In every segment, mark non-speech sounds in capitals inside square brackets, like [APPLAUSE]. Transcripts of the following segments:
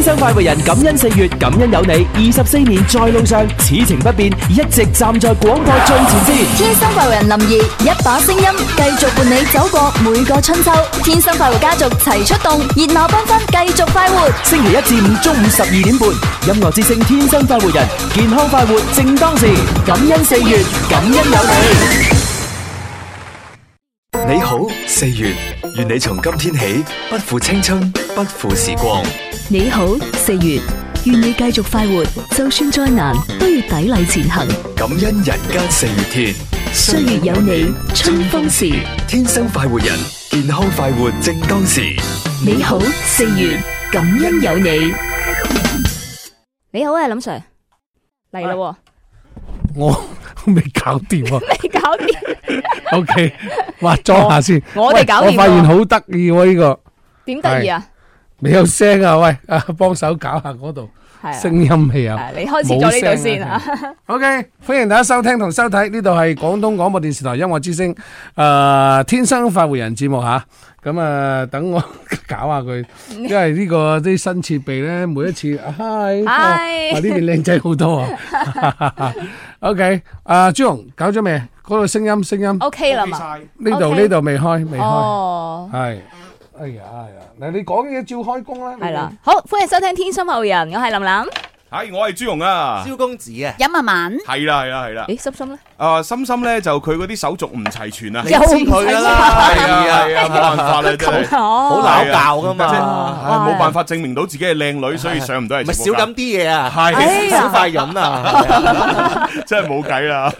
天生快活人，感恩四月，感恩有你。二十四年在路上，此情不變，一直站在廣播最前線。天生快活人林怡，一把聲音繼續伴你走過每個春秋。天生快活家族齊出動，熱鬧繽紛，繼續快活。星期一至五中午十二點半，音樂之聲，天生快活人，健康快活正當時。感恩四月，感恩有你。你好，四月，願你從今天起不負青春，不負時光。你好，四月，願你繼續快活，就算再難都要砥礪前行。感恩人間四月天，歲月，月有你，春風時，風時天生快活人，健康快活正當時。你好，四月，感恩有你。你好啊，林 Sir，嚟啦喎。喂我。未搞掂啊！未搞掂。O K，哇，裝下先。我哋搞掂。我發現好得意喎呢個。點得意啊？未有聲啊？喂，啊，幫手搞下嗰度。係。聲音未有。你開始咗呢度先啊？O K，歡迎大家收聽同收睇呢度係廣東廣播電視台音樂之聲誒，天生快活人節目吓。咁啊，等我搞下佢，因為呢個啲新設備咧，每一次，嗨，我呢邊靚仔好多啊。OK，阿朱紅搞咗未？嗰個聲音聲音 OK 啦嘛？呢度呢度未開未開？係，哎呀哎呀，嗱你講嘢照開工啦。係啦，好，歡迎收聽《天生後人》，我係琳琳。唉，我係朱融啊，蕭公子啊，飲下文係啦係啦係啦，誒，心心咧，啊，心心咧就佢嗰啲手續唔齊全啊，你知佢噶啦，係啊係啊，冇辦法啦，真係好撈教噶嘛，係冇辦法證明到自己係靚女，所以上唔到嚟，咪少飲啲嘢啊，係少快飲啊，真係冇計啦，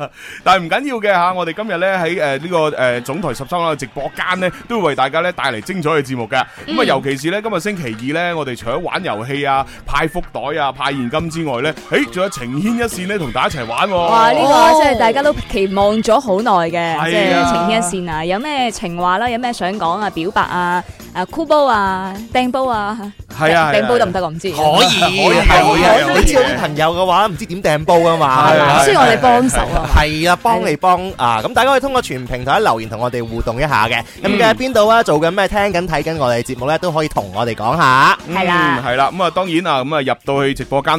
但係唔緊要嘅吓，我哋今日咧喺誒呢個誒總台十三樓直播間咧，都會爲大家咧帶嚟精彩嘅節目㗎，咁啊尤其是咧今日星期二咧，我哋除咗玩遊戲啊，派福袋啊，派現金。之外咧，誒仲有情牽一線呢，同大家一齊玩喎。哇！呢個即係大家都期望咗好耐嘅，即係情牽一線啊！有咩情話啦，有咩想講啊，表白啊，啊箍煲啊，掟煲啊，係啊，掟煲得唔得我唔知。可以可以。唔知有啲朋友嘅話唔知點掟煲啊嘛，需要我哋幫手啊。係啊，幫你幫啊，咁大家可以通過全平台留言同我哋互動一下嘅。咁喺邊度啊？做緊咩？聽緊睇緊我哋節目咧，都可以同我哋講下。係啦，係啦。咁啊，當然啊，咁啊入到去直播間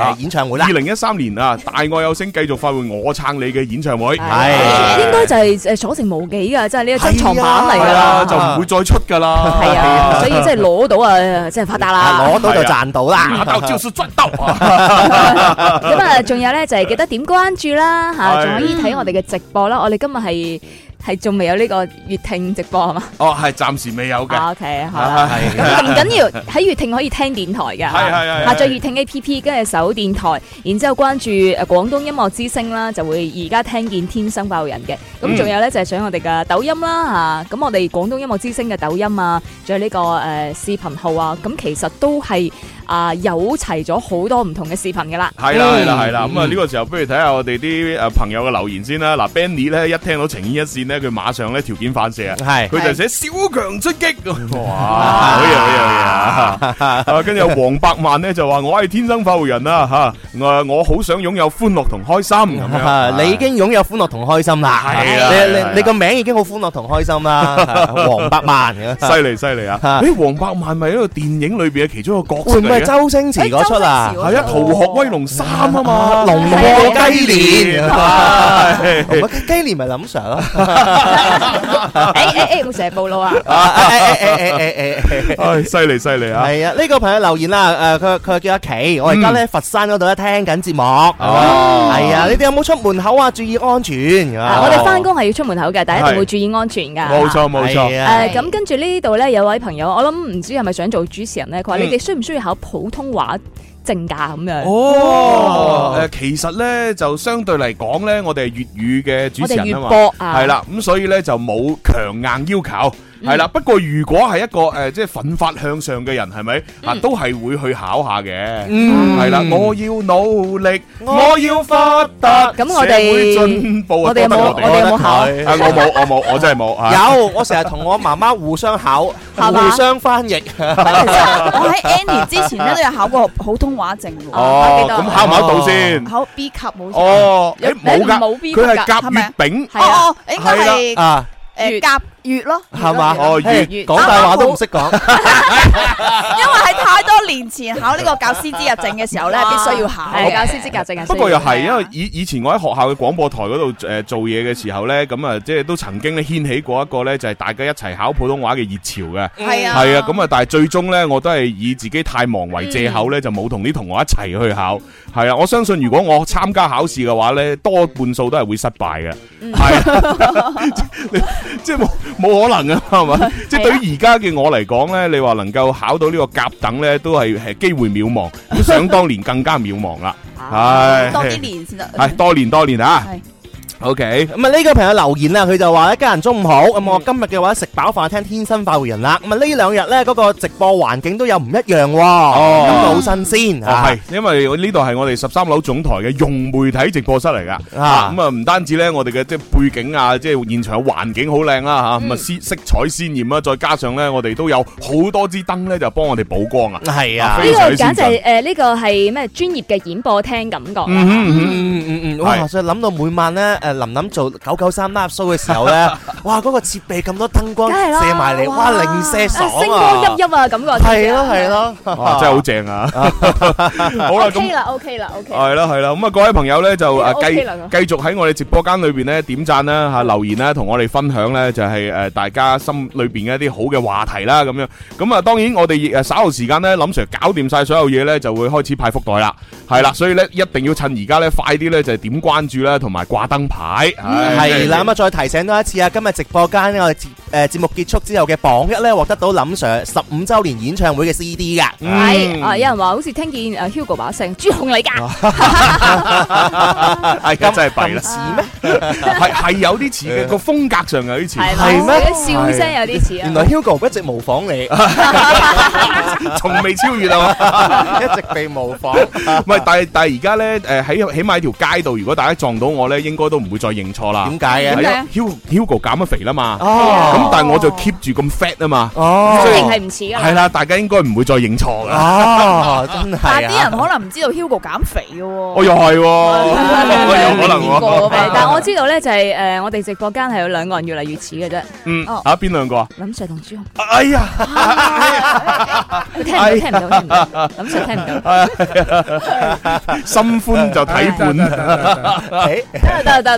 演唱會啦！二零一三年啊，大愛有聲繼續發回我撐你嘅演唱會，係應該就係誒所剩無幾噶，即係呢個珍藏版嚟噶啦，就唔會再出噶啦。係啊，所以即係攞到啊，即係發達啦！攞到就賺到啦，鬥招師追鬥。咁啊，仲有咧，就係記得點關注啦，吓仲可以睇我哋嘅直播啦。我哋今日係。係仲未有呢個粵聽直播係嘛？哦，係暫時未有嘅、啊。OK， [LAUGHS] 好啦了，咁唔緊要，喺粵聽可以聽電台嘅。係係係，下載、啊、粵聽 A P P，跟住搜電台，然之後關注誒廣東音樂之聲啦，就會而家聽見天生爆人嘅。咁仲有咧就係、是、想我哋嘅抖音啦吓，咁、啊、我哋廣東音樂之聲嘅抖音、這個呃、啊，仲有呢個誒視頻號啊，咁其實都係啊有齊咗好多唔同嘅視頻噶啦。係啦係啦係啦，咁啊呢個時候不如睇下我哋啲誒朋友嘅留言先啦。嗱、啊、，Benny 咧一聽到情牽一線 [NOISE] [NOISE] 咧佢馬上咧條件反射啊！佢就寫小強出擊，哇！好嘢，好嘢啊！跟住有黃百萬咧就話：我係天生發育人啊。嚇，我好想擁有歡樂同開心，咁你已經擁有歡樂同開心啦，係啊！你你你個名已經好歡樂同開心啦，黃百萬，犀利犀利啊！誒，黃百萬咪喺度電影裏邊嘅其中一個角色，唔係周星馳嗰出啊，係啊，《逃學威龍三》啊嘛，《龍過雞年》啊，雞年咪林 sir 啦。 [LAUGHS] 哎哎哎，我成日暴露啊！哎哎哎哎哎哎，哎，犀利犀利啊！係啊，呢個朋友留言啦，誒，佢佢叫阿奇，我而家咧佛山嗰度咧聽緊節目，嗯，係開嘛玩笑？係啊，你哋有冇出門口啊？注意安全，啊啊。我哋翻工係要出門口嘅，但係一定會注意安全噶。冇錯冇錯。誒、哎呀，咁跟住呢度咧有位朋友，我諗唔知係咪想做主持人咧？佢話你哋需唔需要考普通話？正價咁樣哦，誒、呃、其實咧就相對嚟講咧，我哋係粵語嘅主持人啊嘛，係啦、啊，咁所以咧就冇強硬要求。係啦，不過如果係一個誒，即係奮發向上嘅人，係咪啊，都係會去考下嘅。係啦，我要努力，我要發達。咁我哋會進步，我哋有冇考？我冇，我冇，我真係冇。有，我成日同我媽媽互相考，互相翻譯。我喺 Andy 之前咧都有考過普通話證。哦，咁考唔考到先？考 B 級冇錯。哦，誒冇噶，佢係甲乙丙。哦哦，誒佢係誒甲。粵咯，係嘛？哦，粵講大話都唔識講，因為喺太多年前考呢個教師資格證嘅時候咧，必須要考教師資格證。不過又係，因為以以前我喺學校嘅廣播台嗰度誒做嘢嘅時候咧，咁啊，即係都曾經咧掀起過一個咧，就係大家一齊考普通話嘅熱潮嘅。係啊，係啊，咁啊，但係最終咧，我都係以自己太忙為借口咧，就冇同啲同學一齊去考。係啊，我相信如果我參加考試嘅話咧，多半數都係會失敗嘅。係啊，即係冇。冇可能啊，係嘛 [LAUGHS] 吧？即係對於而家嘅我嚟講咧，你話能夠考到呢個甲等咧，都係係機會渺茫。咁 [LAUGHS] 想當年更加渺茫啦，係 [LAUGHS] 唉多啲年先得，係多年多年啊。O K，咁啊呢個朋友留言啊，佢就話咧，一家人中午好，咁我今日嘅話食飽飯聽天生快活人啦。咁啊呢兩日咧嗰個直播環境都有唔一樣喎，咁啊好新鮮。哦，係，因為我呢度係我哋十三樓總台嘅融媒體直播室嚟噶。啊，咁啊唔單止咧，我哋嘅即係背景啊，即係現場嘅環境好靚啦，吓咁啊鮮色彩鮮艷啦，再加上咧我哋都有好多支燈咧就幫我哋補光啊。係啊，非常之。咁啊簡直係誒呢個係咩專業嘅演播廳感覺。嗯嗯嗯嗯嗯，我實在諗到每晚咧。林林做九九三啦 show 嘅時候咧，哇！嗰個設備咁多燈光射埋嚟，哇！零舍爽啊，星光熠熠啊，咁個係咯係咯，真係好正啊！好啦，OK 啦 OK 啦 OK，係啦係啦，咁啊各位朋友咧就誒繼繼續喺我哋直播間裏邊咧點讚啦吓，留言啦，同我哋分享咧就係誒大家心裏邊嘅一啲好嘅話題啦咁樣。咁啊，當然我哋誒稍後時間咧，林 Sir 搞掂晒所有嘢咧，就會開始派福袋啦，係啦，所以咧一定要趁而家咧快啲咧就係點關注啦，同埋掛燈牌。係係啦，咁啊再提醒多一次啊！今日直播間呢，我哋誒節目結束之後嘅榜一咧，獲得到林 sir 十五周年演唱會嘅 C D 噶。係啊，有人話好似聽見誒 Hugo 把聲，朱紅嚟噶。係啊，真係弊啦。似咩？係係有啲似嘅，個風格上有啲似。係咩？笑聲有啲似。原來 Hugo 一直模仿你，從未超越啊！一直被模仿。唔係，但係但係而家咧誒喺起碼條街度，如果大家撞到我咧，應該都唔會再認錯啦？點解啊 Hugo 減咗肥啦嘛，咁但係我就 keep 住咁 fat 啊嘛，雖然係唔似啊。係啦，大家應該唔會再認錯噶。真係但啲人可能唔知道 Hugo 減肥嘅。我又係，有可能啊。但係我知道咧，就係誒，我哋直播間係有兩個人越嚟越似嘅啫。嗯。哦，啊邊兩個啊？林 Sir 同朱紅。哎呀，佢聽唔到，聽唔到，林 Sir 聽唔到。心寬就體胖。得得。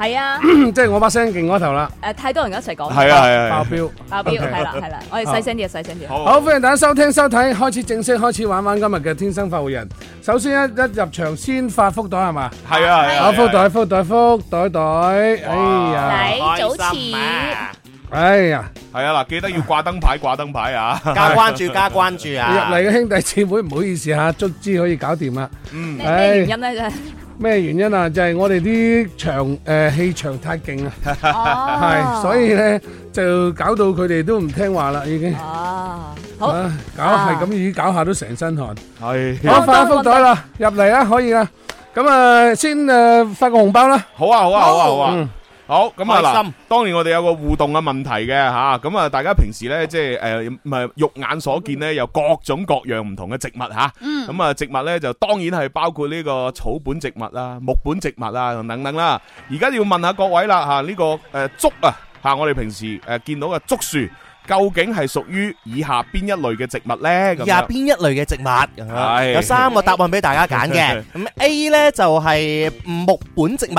係啊，即係我把聲勁過頭啦。誒，太多人一齊講，係啊係啊，爆表，爆表係啦係啦，我哋細聲啲啊，細聲啲。好，歡迎大家收聽收睇，開始正式開始玩玩今日嘅天生富人。首先一一入場先發福袋係咪？係啊，福袋福袋福袋袋，哎呀，早遲，哎呀，係啊嗱，記得要掛燈牌掛燈牌啊，加關注加關注啊，入嚟嘅兄弟姊妹唔好意思吓，卒之可以搞掂啦。嗯，咩原因咧啫？咩原因啊？就係我哋啲場誒氣場太勁啦，係，所以咧就搞到佢哋都唔聽話啦，已經。哦，好，搞係咁已搞下都成身汗，係。我發福袋啦，入嚟啦，可以啦。咁啊，先誒發個紅包啦。好啊，好啊，好啊，好啊。好咁啊嗱，當然我哋有個互動嘅問題嘅吓，咁啊大家平時咧即係誒唔係肉眼所見咧，有各種各樣唔同嘅植物吓，咁啊植物咧就當然係包括呢個草本植物啦、木本植物啊等等啦。而家要問下各位啦吓，呢個誒竹啊吓，我哋平時誒見到嘅竹樹，究竟係屬於以下邊一類嘅植物咧？以下邊一類嘅植物，係有三個答案俾大家揀嘅。咁 A 咧就係木本植物。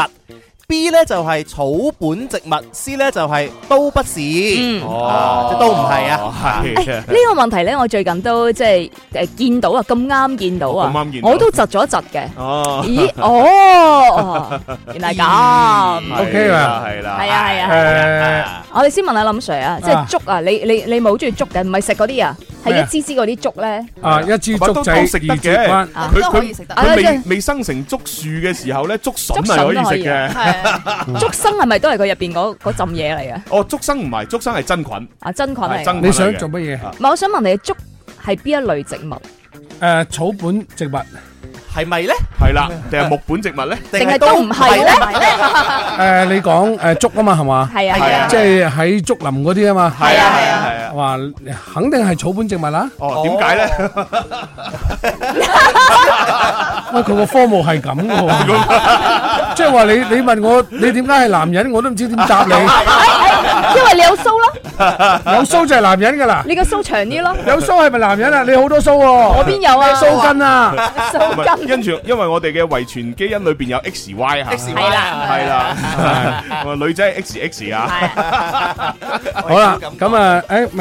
B 咧就係、是、草本植物，C 咧就係、是、都不是，嗯、哦，都唔係啊。呢、啊哎啊、個問題咧，我最近都即係誒見到啊，咁啱見到啊，我都窒咗窒嘅。哦，咦，哦，原來咁。O K 啦，係啦。係啊，係啊，係啊。我哋先問下林 Sir 啊，即係竹啊，你你你冇好中意竹嘅，唔係食嗰啲啊？係一支支嗰啲竹咧，啊一支竹仔食完嘅，佢佢佢未未生成竹樹嘅時候咧，竹筍係可以食嘅。竹生係咪都係佢入邊嗰嗰浸嘢嚟啊？哦，竹生唔係，竹生係真菌。啊，真菌係你想做乜嘢？唔係，我想問你，竹係邊一類植物？誒，草本植物係咪咧？係啦，定係木本植物咧？定係都唔係咧？誒，你講誒竹啊嘛，係嘛？係啊，即係喺竹林嗰啲啊嘛。係啊，係啊。話肯定係草本植物啦。哦，點解咧？喂，佢個科目係咁嘅，即係話你你問我你點解係男人，我都唔知點答你。係係，因為你有鬚咯。有鬚就係男人噶啦。你個鬚長啲咯。有鬚係咪男人啊？你好多鬚喎。我邊有啊？鬚根啊？鬚根。跟住，因為我哋嘅遺傳基因裏邊有 X、Y 吓。係啦。係啦。我話女仔 X、X 啊。好啦，咁啊，誒。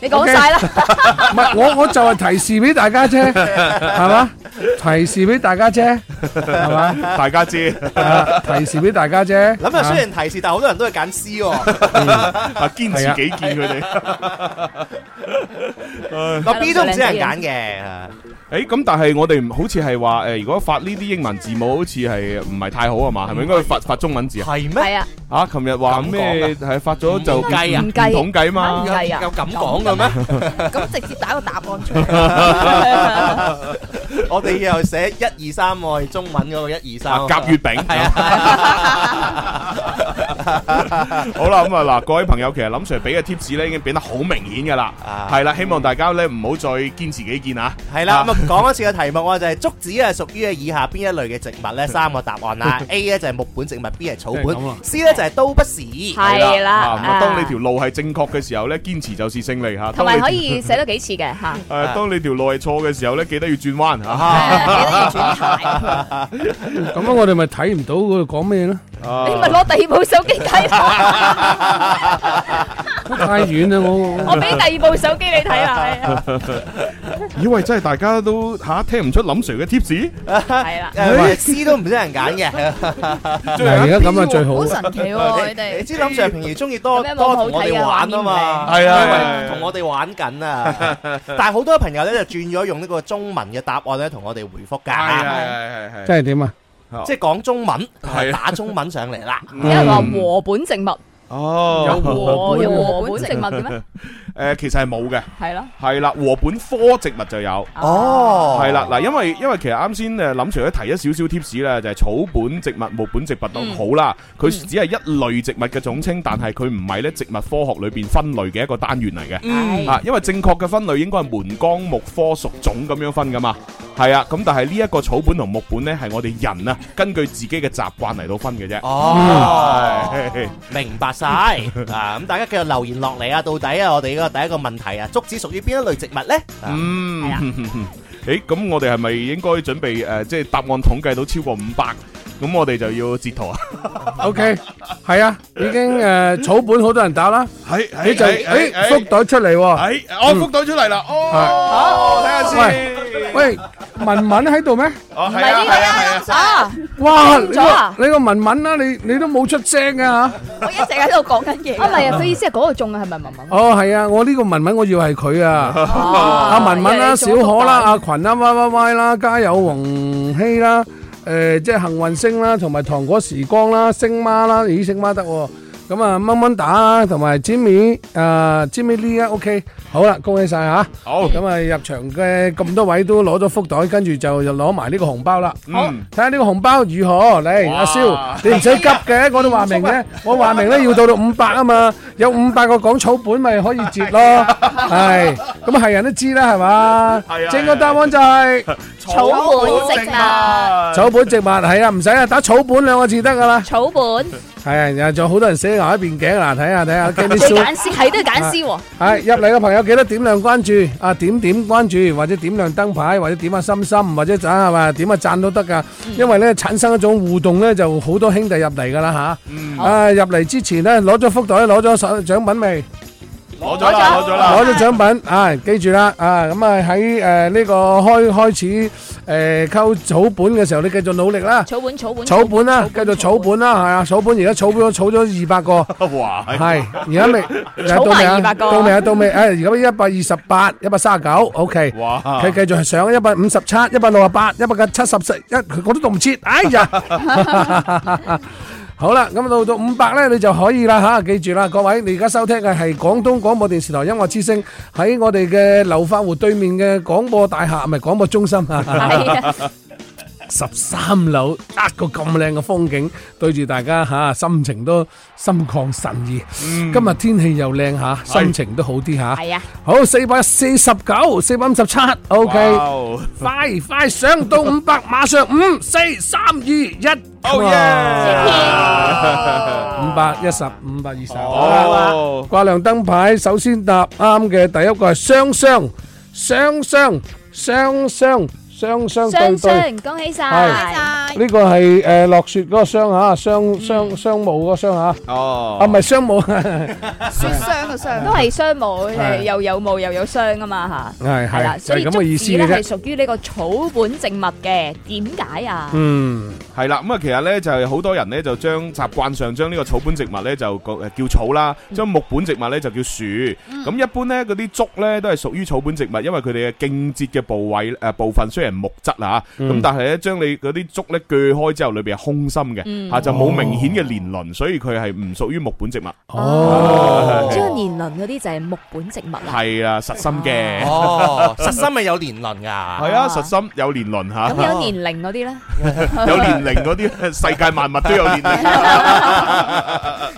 你講晒啦，唔係我我就係提示俾大家啫，係嘛？提示俾大家啫，係嘛？大家知，提示俾大家啫。諗啊，雖然提示，但係好多人都係揀 C，堅持己見佢哋。個 B 都唔知人揀嘅。誒，咁但係我哋好似係話，誒，如果發呢啲英文字母，好似係唔係太好啊嘛？係咪應該發發中文字啊？係咩？啊！琴日話咩？係發咗就計啊？統計嘛？有咁講？咁直接打個答案出嚟，我哋又寫一二三，我哋中文嗰個一二三甲乙丙。好啦，咁啊嗱，各位朋友，其實諗 Sir 俾嘅貼士咧，已經變得好明顯噶啦，係啦，希望大家咧唔好再堅持己見啊。係啦，咁啊講一次嘅題目，就係竹子啊，屬於係以下邊一類嘅植物咧，三個答案啦，A 咧就係木本植物，B 係草本，C 咧就係都不是。係啦，咁啊，當你條路係正確嘅時候咧，堅持就是勝利。同埋可以寫多幾次嘅吓。誒，當你條路係錯嘅時候咧，記得要轉彎吓。記得要轉咁 [LAUGHS] 樣，我哋咪睇唔到佢講咩囉？你咪攞第二部手機睇。太遠啦！我我我，我俾第二部手機你睇下。以為真係大家都吓聽唔出林 Sir 嘅 tips？係啦，啲 C 都唔使人揀嘅。而家咁啊，最好好神奇喎！你知林 Sir 平時中意多多同我哋玩啊嘛？係啊，同我哋玩緊啊！但係好多朋友咧就轉咗用呢個中文嘅答案咧，同我哋回覆㗎。係係係，即係點啊？即係講中文，打中文上嚟啦。有人話禾本植物。哦，有禾本，本植物嘅咩？誒，其實係冇嘅，係咯的，係啦的，禾本科植物就有。哦，係啦，嗱，因為因為其實啱先誒諗除咗提咗少少 tips 啦，就係、是、草本植物、木本植物都好啦，佢、嗯、只係一類植物嘅總稱，但係佢唔係咧植物科學裏邊分類嘅一個單元嚟嘅。啊、嗯，因為正確嘅分類應該係門綱目科屬種咁樣分噶嘛。係啊，咁但係呢一個草本同木本咧，係我哋人啊，根據自己嘅習慣嚟到分嘅啫。哦、嗯，明白。晒，嗱，咁大家繼續留言落嚟啊！到底啊，我哋呢個第一個問題啊，竹子屬於邊一類植物呢？嗯，誒，咁我哋係咪應該準備誒，即係答案統計到超過五百？咁我哋就要截圖啊！OK，係啊，已經誒草本好多人打啦，係，你就誒福袋出嚟，我福袋出嚟啦，哦，好，睇下先。喂，文文喺度咩？唔係啊，啊，哇，你個你個文文啊，你你都冇出聲嘅吓，我一直喺度講緊嘢。啊，唔係啊，佢意思係嗰個種啊，係咪文文？哦，係啊，我呢個文文，我以為係佢啊。哦，阿文文啦，小可啦，阿群啦，Y Y Y 啦，加油王希啦。誒、呃，即係幸運星啦，同埋糖果時光啦，星媽啦，咦，星媽得喎。咁啊，蚊蚊打同埋 Jimmy，誒，Jimmy LeeOK，好啦，恭喜晒吓。好，咁啊，入場嘅咁多位都攞咗福袋，跟住就又攞埋呢個紅包啦。嗯，睇下呢個紅包如何嚟？阿蕭，你唔使急嘅，我都話明嘅，我話明咧要到到五百啊嘛，有五百個講草本咪可以接咯，係，咁啊係人都知啦，係嘛。係啊。正確答案就係草本植物。草本植物，係啊，唔使啊，打草本兩個字得噶啦。草本。係啊，又仲好多人寫埋喺邊頸嗱，睇下睇下，幾多？剪詩係都係剪詩喎。係入嚟嘅朋友，記得點亮關注，啊點點關注，或者點亮燈牌，或者點下心心，或者就係嘛點下讚都得噶。因為咧產生一種互動咧，就好多兄弟入嚟噶啦吓。啊入嚟之前咧，攞咗福袋，攞咗手獎品未？攞咗啦，攞咗啦，攞咗獎品啊！記住啦啊，咁啊喺誒呢個開開始誒溝草本嘅時候，你繼續努力啦！草本，草本，草本啦，繼續草本啦，係啊，草本而家草本我儲咗二百個，係，而家未草埋二百個，到未啊？到未？誒，而家一百二十八，一百三十九，OK，佢繼續係上一百五十七，一百六十八，一百七十四，一佢我都讀唔切，哎呀！好啦，咁到到五百呢，你就可以啦吓，記住啦，各位，你而家收聽嘅係廣東廣播電視台音樂之聲，喺我哋嘅流花湖對面嘅廣播大廈，唔係廣播中心啊。 [LAUGHS] [LAUGHS] [LAUGHS] 十三樓，一個咁靚嘅風景，對住大家吓，心情都心曠神怡。今日天氣又靚吓，心情都好啲吓。係啊，好，四百四十九，四百五十七，OK，快快上到五百，馬上五四三二一，哦耶！五百一十，五百二十，好，掛亮燈牌，首先答啱嘅第一個係雙雙，雙雙，雙雙。雙雙雙對，恭喜晒！呢個係誒落雪嗰個霜吓，霜霜霜霧嗰個霜吓。哦，啊唔係霜霧，雪霜嘅霜，都係霜霧誒，又有霧又有霜啊嘛吓。係係啦，所以竹子咧係屬於呢個草本植物嘅，點解啊？嗯，係啦，咁啊，其實咧就係好多人咧就將習慣上將呢個草本植物咧就講誒叫草啦，將木本植物咧就叫樹。咁一般咧嗰啲竹咧都係屬於草本植物，因為佢哋嘅莖節嘅部位誒部分雖然。木質啦吓，咁但係咧將你嗰啲竹咧鋸開之後，裏邊係空心嘅吓，就冇明顯嘅年輪，所以佢係唔屬於木本植物。哦，即係年輪嗰啲就係木本植物啦。係啊，實心嘅，實心咪有年輪噶。係啊，實心有年輪吓。咁有年輪嗰啲咧？有年輪嗰啲，世界萬物都有年輪。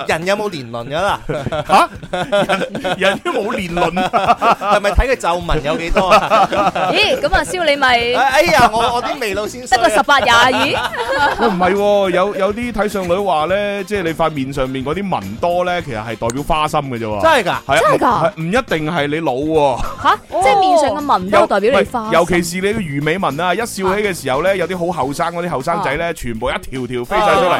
人有冇年輪噶啦？吓，人人都冇年輪啊？係咪睇佢皺紋有幾多？咦，咁啊，蕭你咪～哎呀，我我啲眉老先生得個十八廿二，唔係有有啲睇相女話咧，即係你塊面上面嗰啲紋多咧，其實係代表花心嘅啫。真係㗎，真係㗎，唔一定係你老嚇，即係面上嘅紋都代表你花。尤其是你嘅魚尾紋啊，一笑起嘅時候咧，有啲好後生嗰啲後生仔咧，全部一條條飛晒出嚟，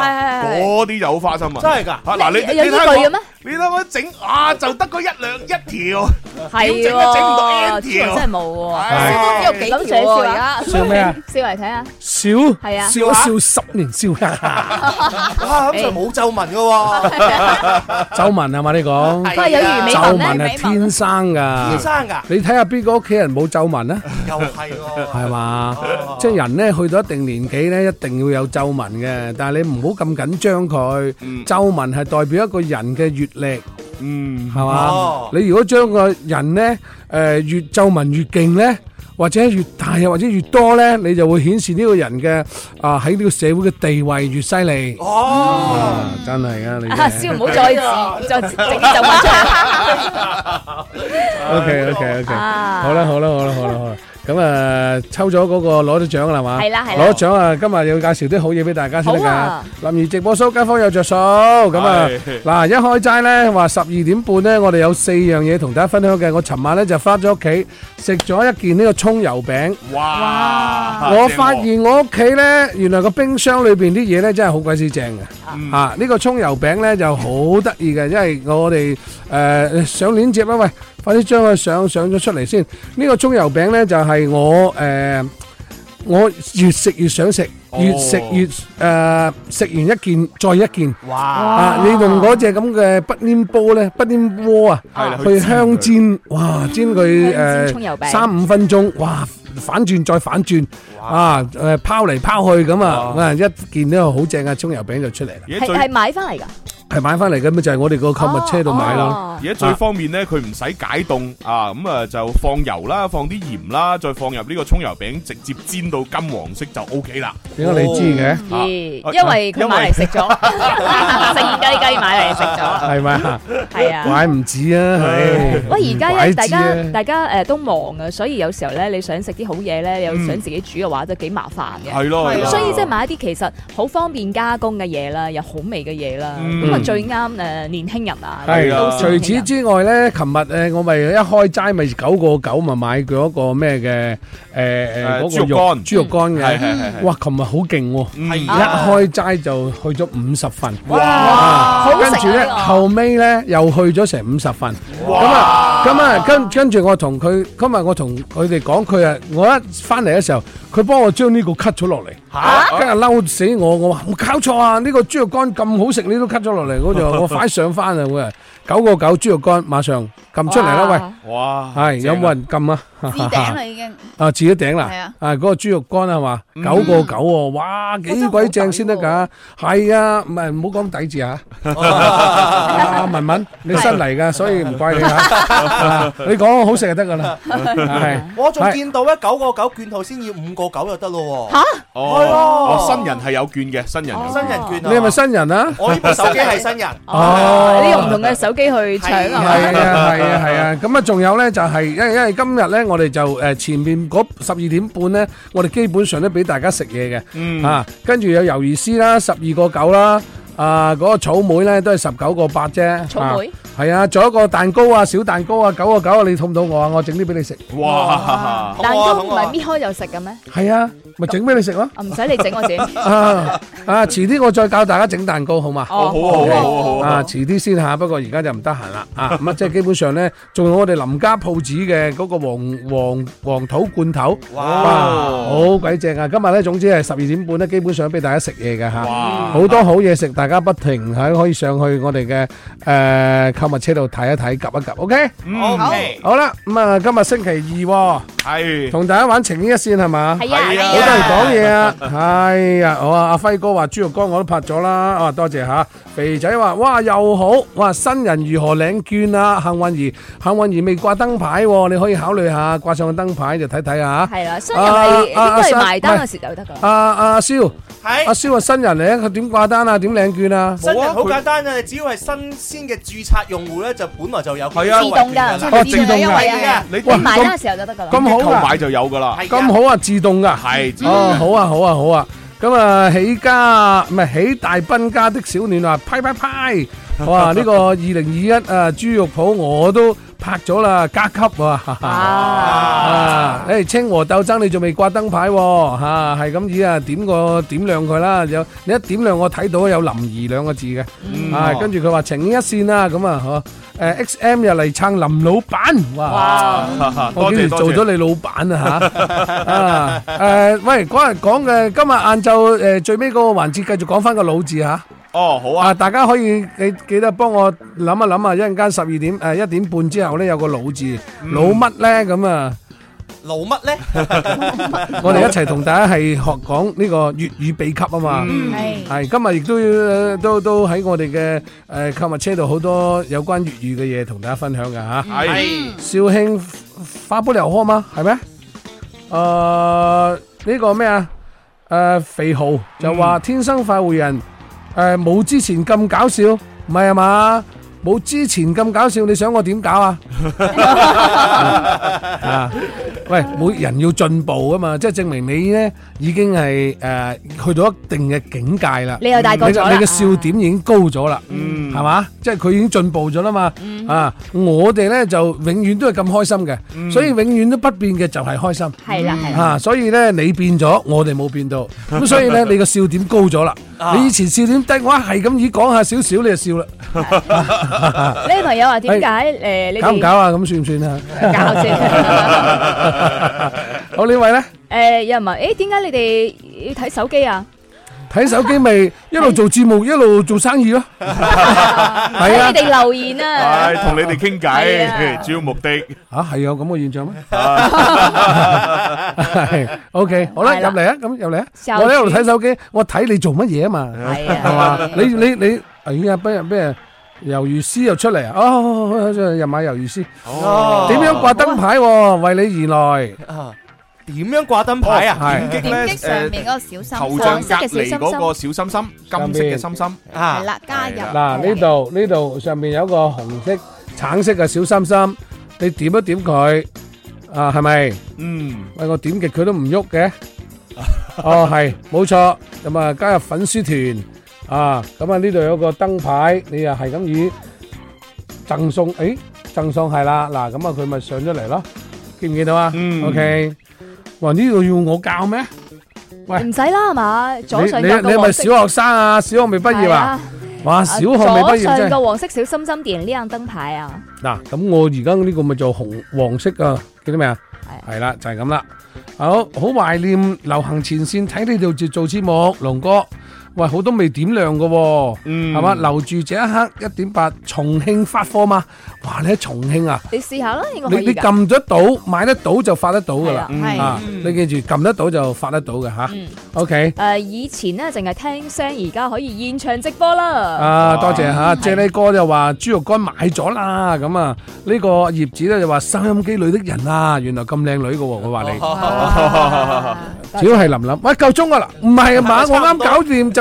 嗰啲就好花心啊。真係㗎，嗱你你睇我，你睇我整啊，就得個一兩一條，係喎，整都整唔到幾條，真係冇喎。咁上少啊？笑咩啊？笑嚟睇下！笑係啊！笑一笑，十年少啊！啊，咁就冇皺紋噶，皺紋係嘛你講？皺紋係天生噶，天生噶。你睇下邊個屋企人冇皺紋啊？又係喎，係嘛？即係人咧去到一定年紀咧，一定要有皺紋嘅。但係你唔好咁緊張佢。皺紋係代表一個人嘅閱歷，嗯，係嘛？你如果將個人咧，誒，越皺紋越勁咧。或者越大又或者越多咧，你就會顯示呢個人嘅啊喺呢個社會嘅地位越犀利。哦、嗯啊，真係啊，你。啊，先唔好再再直接就話出。O K O K O K，好啦好啦好啦好啦好啦。 [LAUGHS] 咁啊，抽咗嗰個攞咗獎啦嘛，係啦係啦，攞獎啊！今日要介紹啲好嘢俾大家先得㗎。林怡直播 show，街坊有着數。咁啊，嗱，一開齋咧，話十二點半咧，我哋有四樣嘢同大家分享嘅。我尋晚咧就翻咗屋企，食咗一件呢個蔥油餅。哇！我發現我屋企咧，原來個冰箱裏邊啲嘢咧，真係好鬼死正嘅。吓，呢個蔥油餅咧就好得意嘅，因為我哋誒上鏈接啦喂。快啲將佢上上咗出嚟先！呢個蔥油餅咧就係我誒，我越食越想食，越食越誒，食完一件再一件。哇！啊，你用嗰隻咁嘅不粘煲咧，不粘鍋啊，去香煎，哇，煎佢誒，蔥油餅，三五分鐘，哇，反轉再反轉，啊，誒，拋嚟拋去咁啊，啊，一件呢個好正嘅蔥油餅就出嚟啦。係係買翻嚟噶。係買翻嚟嘅咩？就係我哋個購物車度買咯。而家最方便咧，佢唔使解凍啊，咁啊就放油啦，放啲鹽啦，再放入呢個蔥油餅，直接煎到金黃色就 OK 啦。點解你知嘅？因為佢買嚟食咗，食雞雞買嚟食咗，係咪啊？係啊，買唔止啊！喂，而家咧，大家大家誒都忙啊，所以有時候咧，你想食啲好嘢咧，又想自己煮嘅話，都幾麻煩嘅。係咯，係咯。所以即係買一啲其實好方便加工嘅嘢啦，又好味嘅嘢啦。最啱誒年輕人啊！係除此之外咧，琴日誒我咪一開齋咪九個九咪買咗一個咩嘅誒誒嗰個肉乾豬肉乾嘅，哇！琴日好勁喎，一開齋就去咗五十份，哇！跟住咧後尾咧又去咗成五十份，咁啊咁啊跟跟住我同佢，今日我同佢哋講佢啊，我一翻嚟嘅時候，佢幫我將呢個 cut 咗落嚟。吓！哈今日嬲死我，我話冇搞錯啊！呢個豬肉乾咁好食，你都 cut 咗落嚟，我就我快上翻啊！喂，九個九豬肉乾，馬上撳出嚟啦！哇喂，哇，係有冇人撳啊？有置頂啦已經，啊，置咗頂啦，係啊，啊，嗰個豬肉乾係嘛，九個九哦，哇，幾鬼正先得噶，係啊，唔係唔好講抵住吓，文文，你新嚟噶，所以唔怪你吓，你講好食就得噶啦，係。我仲見到咧，九個九券頭先要五個九就得咯，吓，哦，新人係有券嘅，新人，新人券啊，你係咪新人啊？我呢部手機係新人，哦，你用唔同嘅手機去搶，係啊，係啊，係啊，咁啊，仲有咧就係，因因為今日咧。我哋就誒，前面嗰十二點半呢，我哋基本上都俾大家食嘢嘅。嗯、啊，跟住有魷魚絲啦，十二個九啦。啊，嗰個草莓咧都係十九個八啫，草莓係啊，仲有一個蛋糕啊，小蛋糕啊，九個九啊，你肚唔肚餓啊？我整啲俾你食。哇！蛋糕唔係搣開就食嘅咩？係啊，咪整俾你食咯。唔使你整，我整。啊啊，遲啲我再教大家整蛋糕好嘛？好好好啊，遲啲先嚇。不過而家就唔得閒啦。啊，咁啊，即係基本上咧，仲有我哋林家鋪子嘅嗰個黃黃土罐頭，哇，好鬼正啊！今日咧總之係十二點半咧，基本上俾大家食嘢嘅嚇，好多好嘢食，但。大家不停喺可以上去我哋嘅誒購物車度睇一睇，及一及，OK？好，好啦，咁啊，今日星期二，係同大家玩情一線係嘛？係啊，好多人講嘢啊，係啊，好啊，阿輝哥話豬肉乾我都拍咗啦，啊多謝吓，肥仔話哇又好，我話新人如何領券啊？幸運兒，幸運兒未掛燈牌，你可以考慮下掛上個燈牌就睇睇啊吓，係啦，新人係應該係埋單嗰時就得噶。阿阿蕭，阿蕭啊，新人嚟啊，佢點掛單啊？點領券？啊，好啊，好簡單啊，只要係新鮮嘅註冊用戶咧，就本來就有佢，係啊，自動噶，自動係因為嘅，你買嘅時候就得噶啦，咁好啦，買就有噶啦，咁好啊，自動噶，係，好啊，好啊，好啊，咁啊，起家唔係起大賓家的小暖啊，拍拍拍，哇，呢個二零二一啊，豬肉鋪我都。拍咗啦，加級啊！啊，誒，清和鬥爭你仲未掛燈牌喎？吓，係咁意啊？點個點亮佢啦！有你一點亮，我睇到有林兒兩個字嘅，啊，跟住佢話情牽一線啦，咁啊，嗬，誒，X M 又嚟撐林老闆，哇！我竟然做咗你老闆啦，吓，啊，誒，喂，嗰日講嘅今日晏晝，誒，最尾嗰個環節繼續講翻個老字吓。哦，好啊，大家可以你記得幫我諗一諗啊，一陣間十二點誒一點半之後。我咧有個老字，老乜咧咁啊？老乜咧？我哋一齊同大家係學講呢個粵語秘笈啊嘛。係今日亦都都都喺我哋嘅誒購物車度好多有關粵語嘅嘢同大家分享㗎吓。係肇慶花不流香啊嘛？係咩？誒呢個咩啊？誒肥豪就話天生快活人，誒冇之前咁搞笑，唔係啊嘛？冇之前咁搞笑，你想我點搞啊？啊！喂，每人要進步噶嘛，即係證明你咧已經係誒去到一定嘅境界啦。你又大個咗，你嘅笑點已經高咗啦。嗯，係嘛？即係佢已經進步咗啦嘛。啊，我哋咧就永遠都係咁開心嘅，所以永遠都不變嘅就係開心。係啦，係啊。所以咧，你變咗，我哋冇變到。咁所以咧，你嘅笑點高咗啦。你以前笑點低，我係咁意講下少少，你就笑啦。呢 [LAUGHS] 位 [LAUGHS] 朋友話點解？誒，你搞唔搞啊？咁算唔算、 [LAUGHS] [LAUGHS] [LAUGHS] 哎、啊？搞笑。好，呢位咧？誒，有人問，誒，點解你哋要睇手機啊？睇手機咪一路做節目一路做生意咯，係啊，你哋留言啊，係同你哋傾偈，主要目的吓，係有咁嘅現象咩？係 OK，好啦，入嚟啊，咁入嚟啊，我一路睇手機，我睇你做乜嘢啊嘛，係嘛？你你你，咦？阿斌入邊啊？魷魚絲又出嚟啊？哦，又買魷魚絲，點樣掛燈牌？為你而來。點樣掛燈牌啊？點擊咧誒，頭像隔籬嗰個小心心，金色嘅心心啊，係啦，加入嗱，呢度呢度上面有個紅色、橙色嘅小心心，你點一點佢啊？係咪？嗯，喂，我點擊佢都唔喐嘅。哦，係，冇錯。咁啊，加入粉絲團啊，咁啊，呢度有個燈牌，你又係咁以贈送誒，贈送係啦。嗱，咁啊，佢咪上咗嚟咯？見唔見到啊？嗯，OK。話呢個要我教咩？喂，唔使啦係嘛，左上一個黃色。你你你係咪小學生啊？小學未畢業啊？哇，小學未畢業真係。左上個黃色小心心電呢樣燈牌啊！嗱，咁我而家呢個咪做紅黃色啊，記得未啊？係係啦，就係咁啦。好，好懷念，流行前線睇,你度做做節目，龍哥。喂，好多未點亮嘅，係嘛？留住這一刻一點八，重慶發貨嘛？哇！你喺重慶啊？你試下啦，你你撳得到，買得到就發得到噶啦。係啊，你記住撳得到就發得到嘅吓。O K，誒，以前咧淨係聽聲，而家可以現場直播啦。啊，多謝吓，Jerry 哥就話豬肉乾買咗啦。咁啊，呢個葉子咧就話收音機裏的人啊，原來咁靚女嘅。我話你，主要係林林。喂，夠鐘啦，唔係啊嘛，我啱搞掂。又話夠鐘，轉頭翻嚟，繼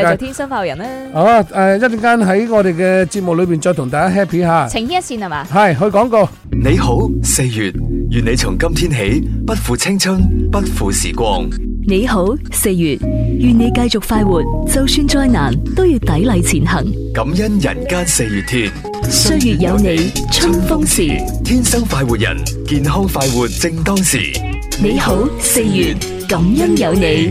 續天生快活人咧。哦，誒，一陣間喺我哋嘅節目裏邊再同大家 happy 下。情牽一線係嘛？係去廣告。你好，四月，願你從今天起不負青春，不負時光。你好，四月，願你繼續快活，就算再難都要砥礪前行。感恩人間四月天，歲月有你，春風時，天生快活人，健康快活正當時。你好，四月，感恩有你。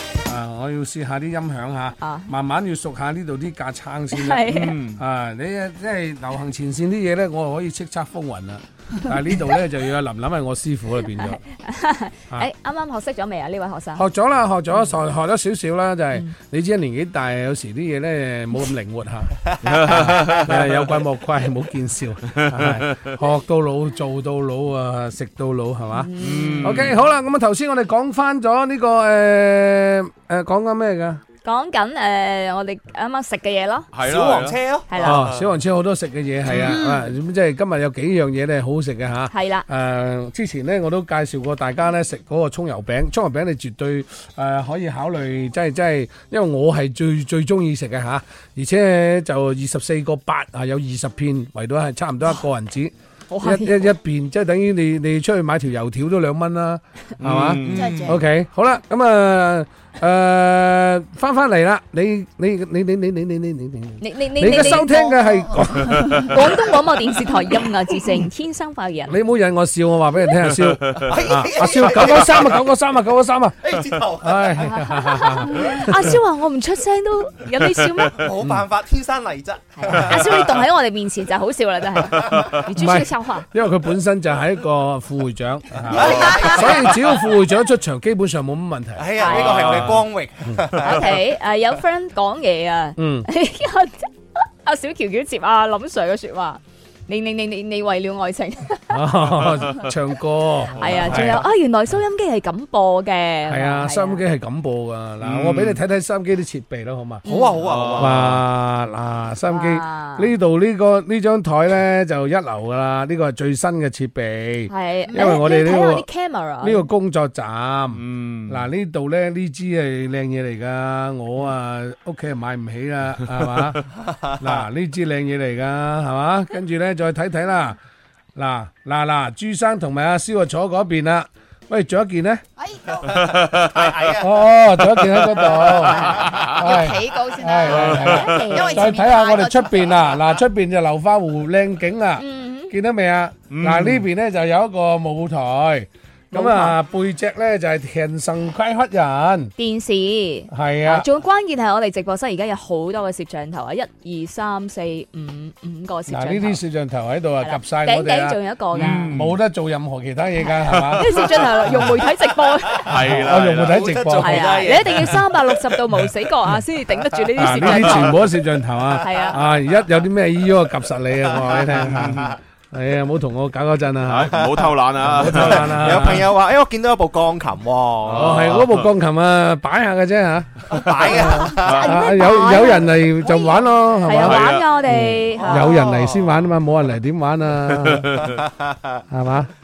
我要試下啲音響吓，啊、慢慢要熟下呢度啲架撐先啦。啊，你即、啊、係、啊、流行前線啲嘢咧，我就可以叱咤風雲啦。但係呢度咧就要阿林林係我師傅啦變咗。誒，啱啱學識咗未啊？呢位學生學咗啦，學咗學學咗少少啦，就係你知年紀大，有時啲嘢咧冇咁靈活吓。有怪莫怪，冇見笑。學到老，做到老啊，食到老係嘛？OK，好啦，咁啊頭先我哋講翻咗呢個誒誒講緊咩噶？講緊誒，我哋啱啱食嘅嘢咯，小黃車咯，係啦，小黃車好多食嘅嘢係啊，咁即係今日有幾樣嘢咧好好食嘅吓，係啦，誒，之前咧我都介紹過大家咧食嗰個蔥油餅，蔥油餅你絕對誒可以考慮，即係即係，因為我係最最中意食嘅吓，而且就二十四個八啊，有二十片，圍到係差唔多一個銀紙，一一一邊，即係等於你你出去買條油條都兩蚊啦，係嘛，O K，好啦，咁啊。誒，翻翻嚟啦！你你你你你你你你你你你你嘅收聽嘅係廣東廣播電視台音樂之城天生化人。你唔好引我笑，我話俾人聽啊！笑，阿蕭九九三啊，九九三啊，九九三啊，A 字頭。唉，阿蕭話我唔出聲都有啲笑咩？冇辦法，天生麗質。阿蕭你凍喺我哋面前就好笑啦，真係。因為佢本身就係一個副會長，所以只要副會長一出場，基本上冇乜問題。哎呀，呢個係。光榮。OK，誒有 friend 講嘢啊，阿小喬喬接啊林 Sir 嘅説話。你你你你你為了愛情，唱歌係啊，仲有啊，原來收音機係咁播嘅，係啊，收音機係咁播噶嗱，我俾你睇睇收音機啲設備啦，好嘛？好啊，好啊，好啊，嗱，收音機呢度呢個呢張台咧就一流噶啦，呢個係最新嘅設備，係，因為我哋呢個啲 camera 啊呢個工作站，嗯，嗱呢度咧呢支係靚嘢嚟㗎，我啊屋企係買唔起㗎，係嘛？嗱呢支靚嘢嚟㗎，係嘛？跟住咧。再睇睇啦，嗱嗱嗱，朱生同埋阿蕭啊坐嗰邊啦。喂，仲有一件咧？矮，太矮啊！哦，仲有一件喺嗰度，要企高先啦。係係係。再睇下我哋出邊啊，嗱出邊就流花湖靚景啦，見到未啊？嗱呢邊咧就有一個舞台。咁啊背脊咧就係天生規黑人，電視係啊，仲關鍵係我哋直播室而家有好多個攝像頭啊，一二三四五五個攝像頭。嗱呢啲攝像頭喺度啊，夾晒頂頂仲有一個噶，冇得做任何其他嘢噶，係嘛？呢啲攝像頭用媒體直播，係啦，用媒體直播，係啊，你一定要三百六十度冇死角啊，先至頂得住呢啲攝像頭啊。呢啲全部都攝像頭啊，係啊，啊而家有啲咩嘢喐啊，夾實你啊，我話你聽。係啊，冇同我搞嗰陣啊，吓，冇 [LAUGHS] 偷懶啊， [LAUGHS] 有朋友話，哎，我見到一部鋼琴喎，哦，係嗰、 [LAUGHS] 哦、部鋼琴啊，擺下嘅啫吓，擺 [LAUGHS] [LAUGHS] 啊，有有人嚟就玩咯，係嘛？玩嘅我哋、嗯，有人嚟先玩啊嘛，冇人嚟點玩啊，係嘛。 [LAUGHS] [LAUGHS]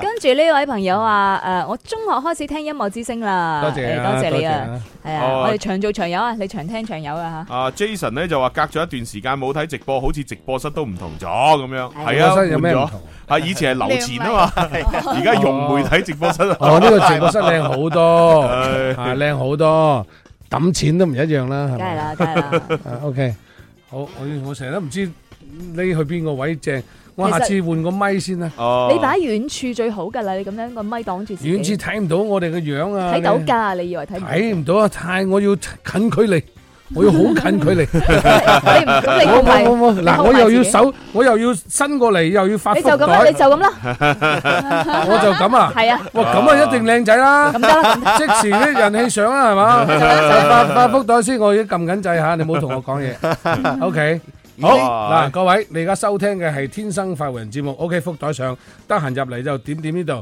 跟住呢位朋友話誒，我中學開始聽音樂之聲啦，多謝多謝你啊，係啊，我哋長做長有啊，你長聽長有啊吓。阿 Jason 咧就話隔咗一段時間冇睇直播，好似直播室都唔同咗咁樣，係啊，換咗，係以前係流錢啊嘛，而家用媒體直播室，呢個直播室靚好多，係靚好多，抌錢都唔一樣啦，梗係啦，梗係啦。OK，好，我我成日都唔知匿去邊個位正。我下次換個咪先啦。哦，你擺喺遠處最好噶啦，你咁樣個咪擋住自己。遠處睇唔到我哋嘅樣啊。睇到噶，你以為睇唔？睇唔到啊！太，我要近距離，我要好近距離。睇唔到你係。唔好啊！我又要手，我又要伸過嚟，又要發福袋。你就咁，你就咁啦。我就咁啊。係啊。哇，咁啊，一定靚仔啦。咁得啦，即時啲人氣上啦，係嘛？發發福袋先，我要撳緊掣吓，你冇同我講嘢。O K。好嗱 Okay. Okay.、啊，各位，你而家收聽嘅係天生發源節目。OK，福袋上得閒入嚟，就點點呢度，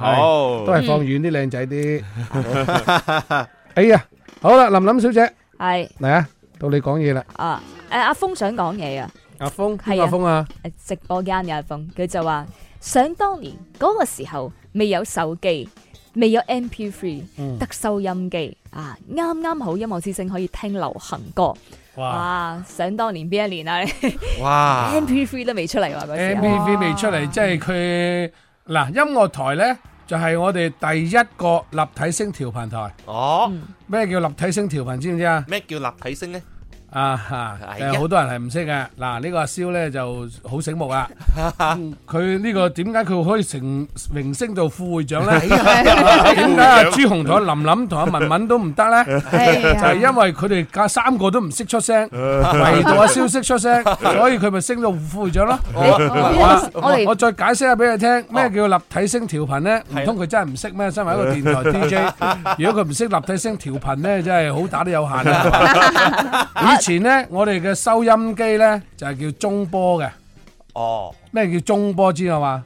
係、oh. 都係放遠啲靚仔啲。哎呀，好啦，林琳小姐，係嚟是啊，到你講嘢啦。啊，誒，阿峰想講嘢啊。阿峰係阿峰啊，直播間嘅、啊、阿峰，佢就話：想當年嗰、那個時候未有手機，未有 MP3，、嗯、得收音機啊，啱啱好音樂之聲可以聽流行歌。哇！想當年邊一年啊？哇 [LAUGHS] ！MP3 都未出嚟喎嗰時，MP3 未出嚟，哇即係佢嗱音樂台呢，就係、是、我哋第一個立體聲調頻台。哦，咩、嗯、叫立體聲調頻？知唔知啊？咩叫立體聲呢？啊哈！誒，好多人係唔識嘅。嗱，呢個阿蕭咧就好醒目啦。佢呢個點解佢可以成榮升到副會長咧？點解啊？朱紅同阿林林同阿文文都唔得咧？就係因為佢哋嗰三個都唔識出聲，唯獨阿蕭識出聲，所以佢咪升到副會長咯。我我再解釋下俾你聽，咩叫立體聲調頻咧？唔通佢真係唔識咩？身為一個電台 DJ，如果佢唔識立體聲調頻咧，真係好打得有限啊！以前咧，我哋嘅收音機咧就係叫中波嘅。哦，咩叫中波知道嘛？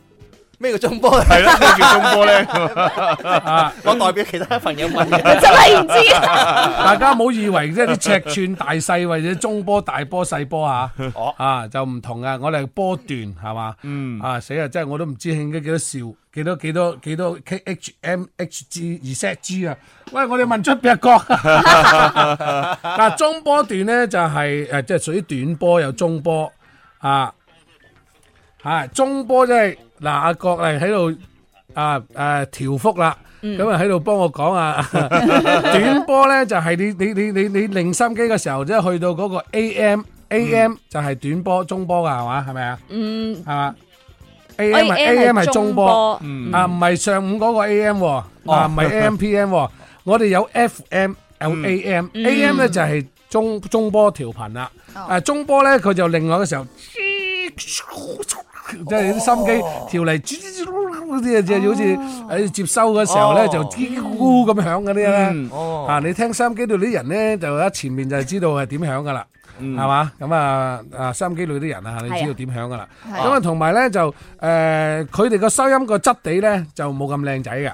咩叫中波咩 [LAUGHS] 叫中波咧？ [LAUGHS] [LAUGHS] 啊！我代表其他朋友問， [LAUGHS] 真係唔不知。 [LAUGHS] 大家唔好以為即係啲尺寸大細或者中波大波細波吓，啊就唔同啊！我哋波段係嘛，嗯啊死啊！即係我都唔知慶哥幾多兆、幾多幾多幾多 K H M H G 二 set G 啊！喂，我哋問出邊一個？嗱、 [LAUGHS] 啊，中波段咧就係、是、誒、啊，即係屬於短波有中波啊，係、啊啊、中波即、就、係、是。嗱，阿國誒喺度啊誒調幅啦，咁啊喺度幫我講啊短波咧就係你你你你你擰收音機嘅時候，即係去到嗰個 AM AM 就係短波中波噶係嘛係咪啊？嗯，係嘛 AM 咪 AM 係中波啊唔係上午嗰個 AM 啊唔係 AMPM 我哋有 FM 有 AM AM 咧就係中中波調頻啦誒中波咧佢就另外嘅時候。即係啲收音機調嚟吱吱吱嗰啲啊，就好似喺接收嘅時候咧，就吱咕咕咁響嗰啲啦。哦，啊，你聽收音機度啲人咧，就喺前面就係知道係點響噶啦，係嘛？咁啊啊，收音機裏啲人啊，你知道點響噶啦？咁啊，同埋咧就誒，佢哋個收音個質地咧就冇咁靚仔嘅。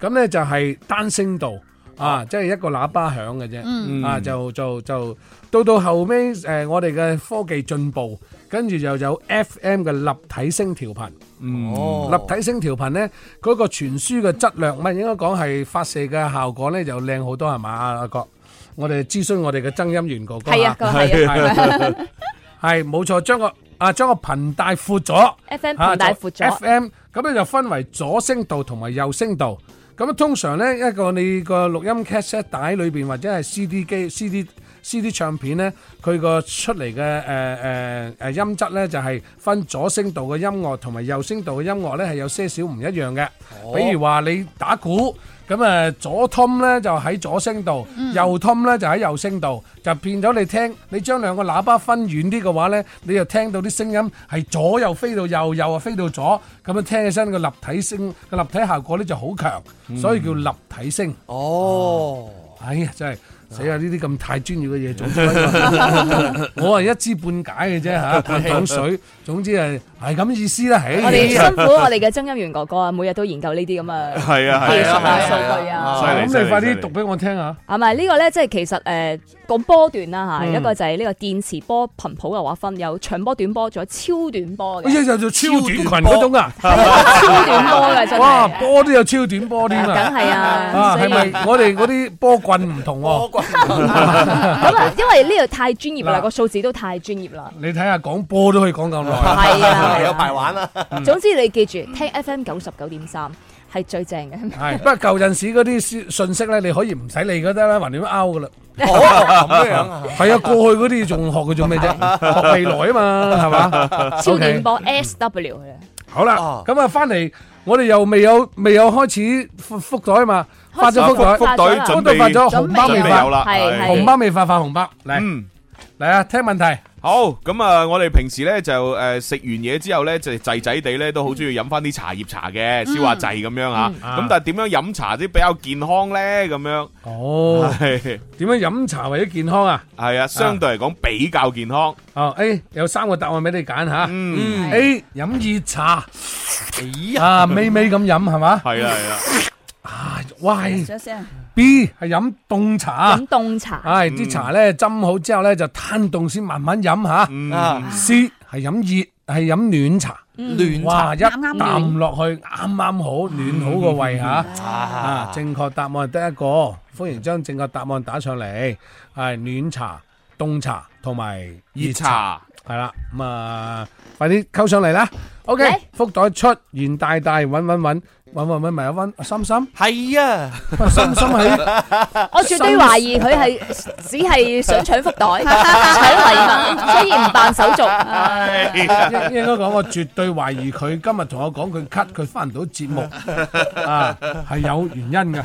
咁咧就係單聲道啊，即係一個喇叭響嘅啫。嗯嗯，啊，就就就到到後尾誒，我哋嘅科技進步。跟住就有 FM 嘅立體聲調頻，嗯，立體聲調頻咧，嗰個傳輸嘅質量，唔係應該講係發射嘅效果咧，就靚好多係嘛？阿哥，我哋諮詢我哋嘅增音員哥哥啦，係啊，係啊，係冇錯，將個啊將個頻帶闊咗，FM 頻帶闊咗，FM，咁咧就分為左聲道同埋右聲道，咁通常咧一個你個錄音 cassette 帶裏邊或者係 CD 機 CD。CD 唱片咧，佢個出嚟嘅誒誒誒音質咧，就係分左聲道嘅音樂同埋右聲道嘅音樂咧，係有些少唔一樣嘅。比如話你打鼓咁誒，左 tom 咧就喺左聲道，右 tom 咧就喺右聲道，就變咗你聽，你將兩個喇叭分遠啲嘅話咧，你就聽到啲聲音係左右飛到右，右啊飛到左，咁樣聽起身個立體聲個立體效果咧就好強，所以叫立體聲。哦，哎呀，真係。死啊！呢啲咁太專業嘅嘢，總之我係一知半解嘅啫嚇，講水。總之係係咁意思啦。唉，我辛苦我哋嘅曾音員哥哥啊，每日都研究呢啲咁啊技術啊數據啊。咁你快啲讀俾我聽啊！係咪呢個咧，即係其實誒講波段啦嚇，一個就係呢個電磁波頻譜嘅劃分，有長波、短波，仲有超短波嘅。一日做超短裙嗰種啊，超短波嘅。啊、波真哇！波都有超短波啲。啊！梗係啊，所咪。我哋嗰啲波棍唔同喎。咁啊，因為呢度太專業啦，個數字都太專業啦。你睇下講波都可以講咁耐，係啊，有排玩啦。總之你記住聽 FM 九十九點三係最正嘅。係，不過舊陣時嗰啲信息咧，你可以唔使理噶啦，橫掂勾噶啦。係啊，過去嗰啲仲學佢做咩啫？學未來啊嘛，係嘛？超短波 SW 啊。好啦，咁啊，翻嚟。我哋又未有未有開始福袋啊嘛，發咗福袋，福袋都都發咗紅包未發，紅包未發發紅包，嚟嚟、嗯、啊，聽問題。好咁啊！我哋平時咧就誒食完嘢之後咧就、嗯、仔仔地咧都好中意飲翻啲茶葉茶嘅消下滯咁樣吓。咁但係點樣飲茶啲比較健康咧？咁樣哦，點是樣飲茶或者健康啊？係啊，相對嚟講比較健康。哦，誒，有三個答案俾你揀吓。嗯，A 飲熱茶，啊，美美咁飲係嘛？係啊，係啦。啊，哇、啊！多謝。啊 B 係飲凍茶，飲凍茶，係啲茶咧斟好之後咧就攤凍先慢慢飲吓。C 係飲熱，係飲暖茶，暖茶一啖落去啱啱好暖好個胃吓。啊，正確答案得一個，歡迎將正確答案打上嚟。係暖茶、凍茶同埋熱茶，係啦咁啊，快啲溝上嚟啦。OK，福袋出，袁大大搵搵搵。喂喂喂，咪阿温阿心心係啊，心心喺。我絕對懷疑佢係只係想搶福袋，係咪啊？所以唔辦手續。應該講，我絕對懷疑佢今日同我講佢咳，佢翻唔到節目啊，係有原因嘅。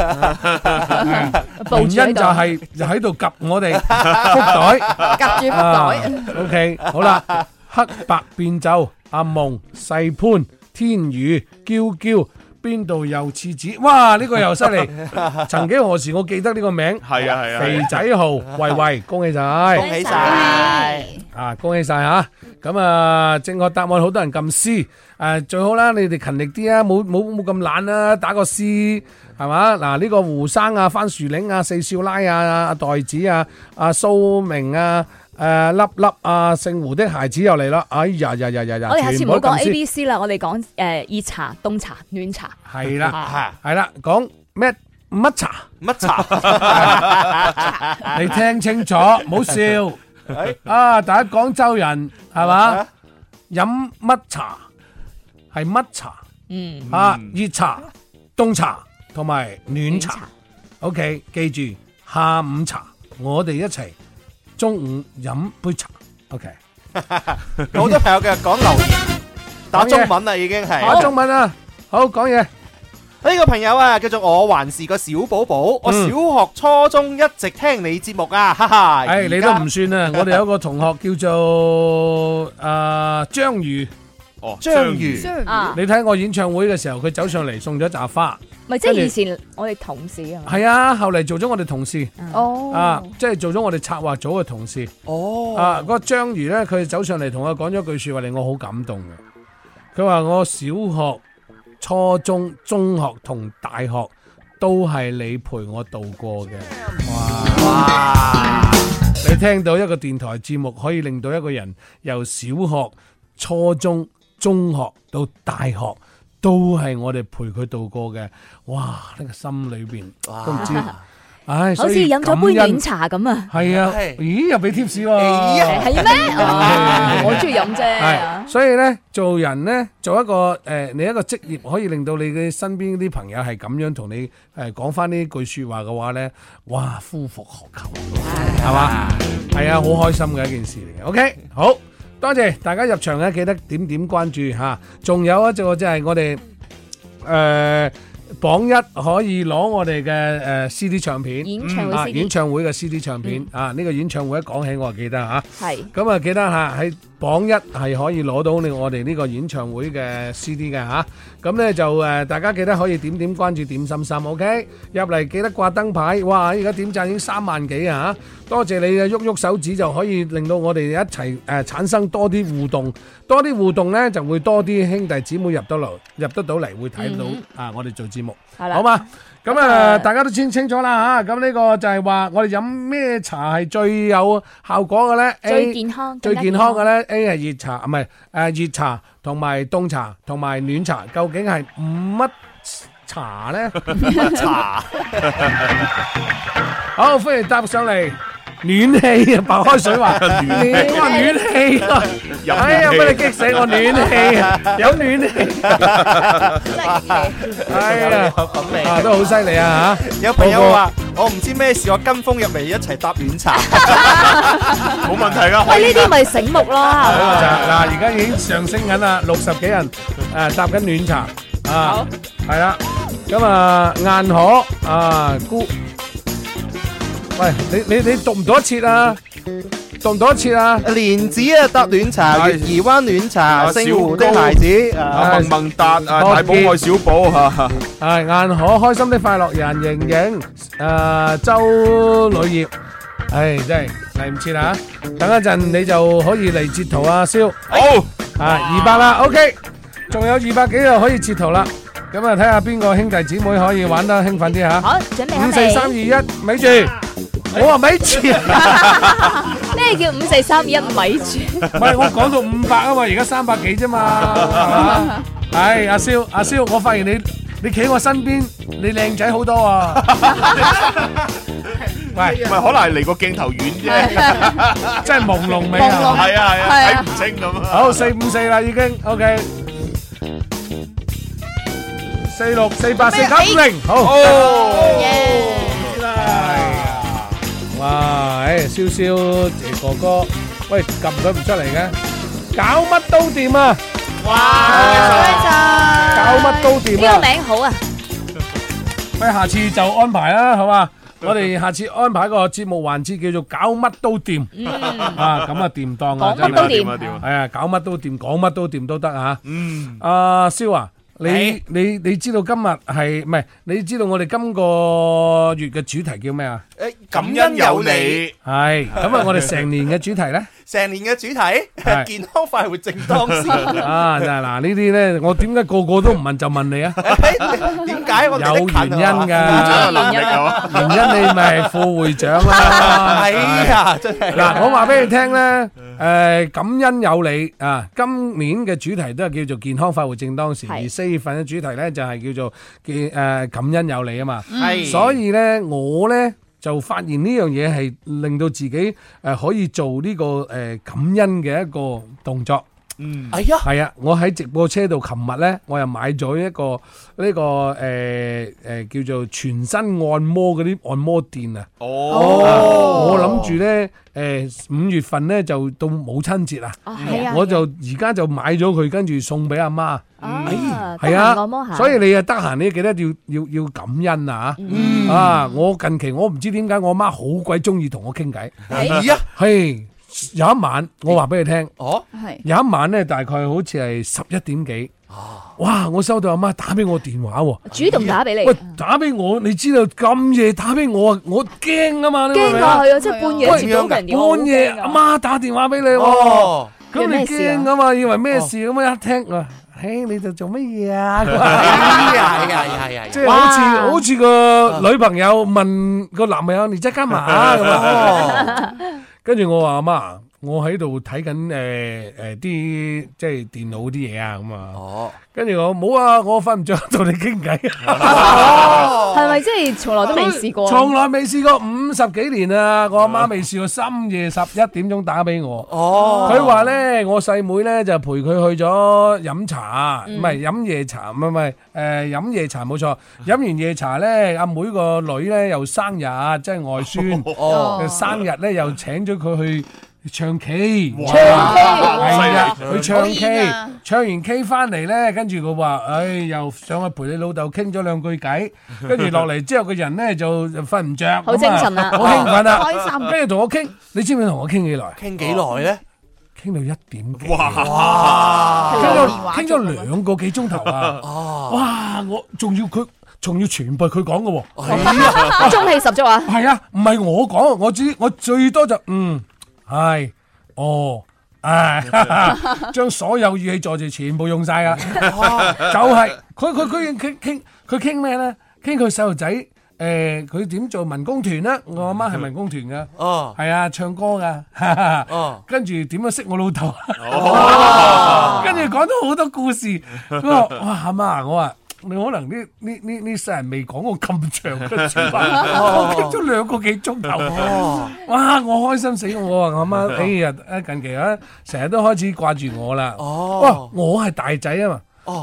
原因就係就喺度夾我哋福袋，夾住福袋。OK，好啦，黑白變奏，阿夢、細潘、天宇、嬌嬌。邊度又刺子？哇！呢個又犀利。曾幾何時我記得呢個名。係啊係啊。肥仔豪，喂喂，恭喜晒！恭喜晒！啊，恭喜晒吓！咁啊，正確答案好多人撳 C，誒最好啦，你哋勤力啲啊，冇冇冇咁懶啦，打個 C 係嘛？嗱，呢個胡生啊、番薯嶺啊、四少奶啊、袋子啊、阿蘇明啊。誒，粒粒啊，姓胡的孩子又嚟啦！哎呀呀呀呀呀！我哋下次唔好講 A、B、C 啦，我哋講，誒熱茶、凍茶、暖茶。係啦，係啦，講咩？乜茶？乜茶？你聽清楚，唔好笑。誒，啊，大家廣州人係嘛？飲乜茶？係乜茶？嗯，啊，熱茶、凍茶同埋暖茶。O.K. 記住，下午茶，我哋一齊。中午飲杯茶，OK。好多朋友嘅講留言打中文啦，已經係打中文啦。好講嘢，呢個朋友啊，叫做我還是個小寶寶。我小學、初中一直聽你節目啊，哈哈。唉，你都唔算啊。我哋有一個同學叫做啊張瑜，哦張瑜，張瑜，你睇我演唱會嘅時候，佢走上嚟送咗扎花。咪即係以前我哋同事啊，係、嗯、啊，後嚟做咗我哋同事。哦、嗯，啊，即係做咗我哋策劃組嘅同事。哦，啊，𠮶 個章魚咧，佢走上嚟同我講咗句說話，令我好感動嘅。佢話我小學、初中、中學同大學都係你陪我度過嘅。哇！你聽到一個電台節目，可以令到一個人由小學、初中、中學到大學，都係我哋陪佢度過嘅，哇！呢個心裏邊都唔知，唉，好似飲咗杯暖茶咁啊。係啊，咦又俾 tips 喎，係咩？我中意飲啫。所以咧，做人咧，做一個誒，你一個職業可以令到你嘅身邊啲朋友係咁樣同你誒講翻呢句說話嘅話咧，哇！夫復何求？係嘛？係啊，好開心嘅一件事嚟嘅。OK，好。多謝，大家入場咧，記得點點關注吓，仲、啊、有啊就即係我哋誒、呃、榜一可以攞我哋嘅誒 CD 唱片，演唱會嘅、嗯啊、CD 唱片、嗯、啊！呢、這個演唱會一講起我啊記得吓，係咁啊是記得吓喺。啊榜一係可以攞到呢，我哋呢個演唱會嘅 CD 㗎嚇，咁呢就誒，大家記得可以點點關注點心心，OK？入嚟記得掛燈牌，哇！而家點讚已經三萬幾啊嚇，多謝你嘅喐喐手指就可以令到我哋一齊誒產生多啲互動，多啲互動呢就會多啲兄弟姊妹入到嚟，入得到嚟會睇到啊！我哋做節目，好嘛？咁啊，嗯、大家都清清楚啦嚇。咁、啊、呢個就係話，我哋飲咩茶係最有效果嘅咧？最健康、最健康嘅咧？A 係熱茶，唔係誒熱茶同埋凍茶同埋暖茶，究竟係乜茶咧？乜 [LAUGHS] 茶？ [LAUGHS] 好，歡迎答上嚟。暖氣啊！白開水話，話暖氣，哎呀，俾你激死我！暖氣，有暖氣，哎呀，品味啊，都好犀利啊！吓，有朋友話我唔知咩事，我跟風入嚟一齊搭暖茶，冇問題噶。喂，呢啲咪醒目咯？嗱，而家已經上升緊啦，六十幾人誒，搭緊暖茶啊，係啦，咁啊，硬可啊，姑。喂，你你你讀唔多一次啊？讀唔多一次啊？蓮子啊，搭暖茶，月兒灣暖茶，西湖的孩子，萌萌噠啊，大寶愛小寶，係晏可開心的快樂人，盈盈，誒，周女葉，係真係嚟唔切啦吓，等一陣你就可以嚟截圖啊，燒好啊，二百啦，OK，仲有二百幾又可以截圖啦，咁啊，睇下邊個兄弟姊妹可以玩得興奮啲吓，好準備，五四三二一，咪住。我話咪住，咩叫五四三一咪住？唔係我講到五百啊嘛，而家三百幾啫嘛。係阿蕭，阿蕭，我發現你你企我身邊，你靚仔好多啊。唔係唔係，可能係離個鏡頭遠啫，真係朦朧美啊！係啊係啊，睇唔清咁。好，四五四啦，已經 OK。四六四八四九五零，好好。啊！誒，蕭蕭，哥哥，喂，撳佢唔出嚟嘅，搞乜都掂啊！哇！搞乜都掂，呢個名好啊！喂，下次就安排啦，好嘛？我哋下次安排個節目環節叫做搞乜都掂，啊，咁啊掂當啊，真係掂啊掂啊！係啊，搞乜都掂，講乜都掂都得啊！嗯，阿蕭啊。你你你知道今日係唔係？你知道我哋今個月嘅主題叫咩啊？誒，感恩有你，係咁啊！ [LAUGHS] 我哋成年嘅主題咧。成年嘅主題係健康快活正當時啊！就係嗱呢啲咧，我點解個個都唔問就問你啊？點解我哋有原因噶？原因你咪副會長啊嘛！係啊，真係嗱，我話俾你聽咧，誒感恩有你啊！今年嘅主題都係叫做健康快活正當時，而四月份嘅主題咧就係叫做健誒感恩有你啊嘛！所以咧，我咧。就發現呢樣嘢係令到自己誒、呃、可以做呢個誒、呃、感恩嘅一個動作。嗯，係啊、哎，係啊，我喺直播車度，琴日咧我又買咗一個呢個誒誒、呃、叫做全身按摩嗰啲按摩墊、哦、啊。哦，我諗住咧誒五月份咧就到母親節啦，啊啊我就而家就買咗佢，跟住送俾阿媽。哦，係啊，所以你啊得閒，你記得要要要感恩啊、嗯、啊，我近期我唔知點解我媽好鬼中意同我傾偈。係啊、哎呀，係、哎。有一晚，我話俾你聽，哦，係有一晚咧，大概好似係十一點幾，哇！我收到阿媽打俾我電話，主動打俾你，喂，打俾我，你知道咁夜打俾我，我驚啊嘛，驚啊係啊，即係半夜半夜阿媽打電話俾你，咁你驚啊嘛，以為咩事咁樣一聽啊，哎，你就做乜嘢啊？係啊係啊係即係好似好似個女朋友問個男朋友你即刻幹嘛咁啊？跟住我話阿媽。我喺度睇緊誒誒啲即係電腦啲嘢啊咁啊，跟住我冇啊，我瞓唔着，同你傾偈，係咪即係從來都未試過？從來未試過五十幾年啊！我阿媽未試過深夜十一點鐘打俾我。哦，佢話咧，我細妹咧就陪佢去咗飲茶，唔係飲夜茶，唔係唔係誒飲夜茶冇錯。飲完夜茶咧，阿妹個女咧又生日，即係外孫 [LAUGHS] 生日咧又請咗佢去。唱 K，唱 K 係啊，佢唱 K，唱完 K 翻嚟咧，跟住佢話，唉，又上去陪你老豆傾咗兩句偈，跟住落嚟之後個人咧就瞓唔着，好精神啊，好興奮啦，開心，跟住同我傾，你知唔知同我傾幾耐？傾幾耐咧？傾到一點幾，哇，傾咗兩個幾鐘頭啊！哇，我仲要佢，仲要全部佢講嘅喎，中氣十足啊！係啊，唔係我講，我最我最多就嗯。係、哎，哦，唉、哎，將所有語氣助詞全部用晒啊。 [LAUGHS] 就係、是，佢佢佢佢傾佢傾咩咧？傾佢細路仔，誒，佢點、呃、做文工團啦？我阿媽係文工團噶，哦，係啊，唱歌噶，哈哈哦、跟住點樣識我老豆？跟住講咗好多故事，咁我，哇，阿媽我話。你可能呢呢呢呢世人未講過咁長嘅說話 [LAUGHS] 我傾咗兩個幾鐘頭， [LAUGHS] 哇！我開心死我啊，阿媽、 [LAUGHS] 哎，哎啊近期啊，成日都開始掛住我啦。 [LAUGHS] 我哦，我係大仔啊嘛，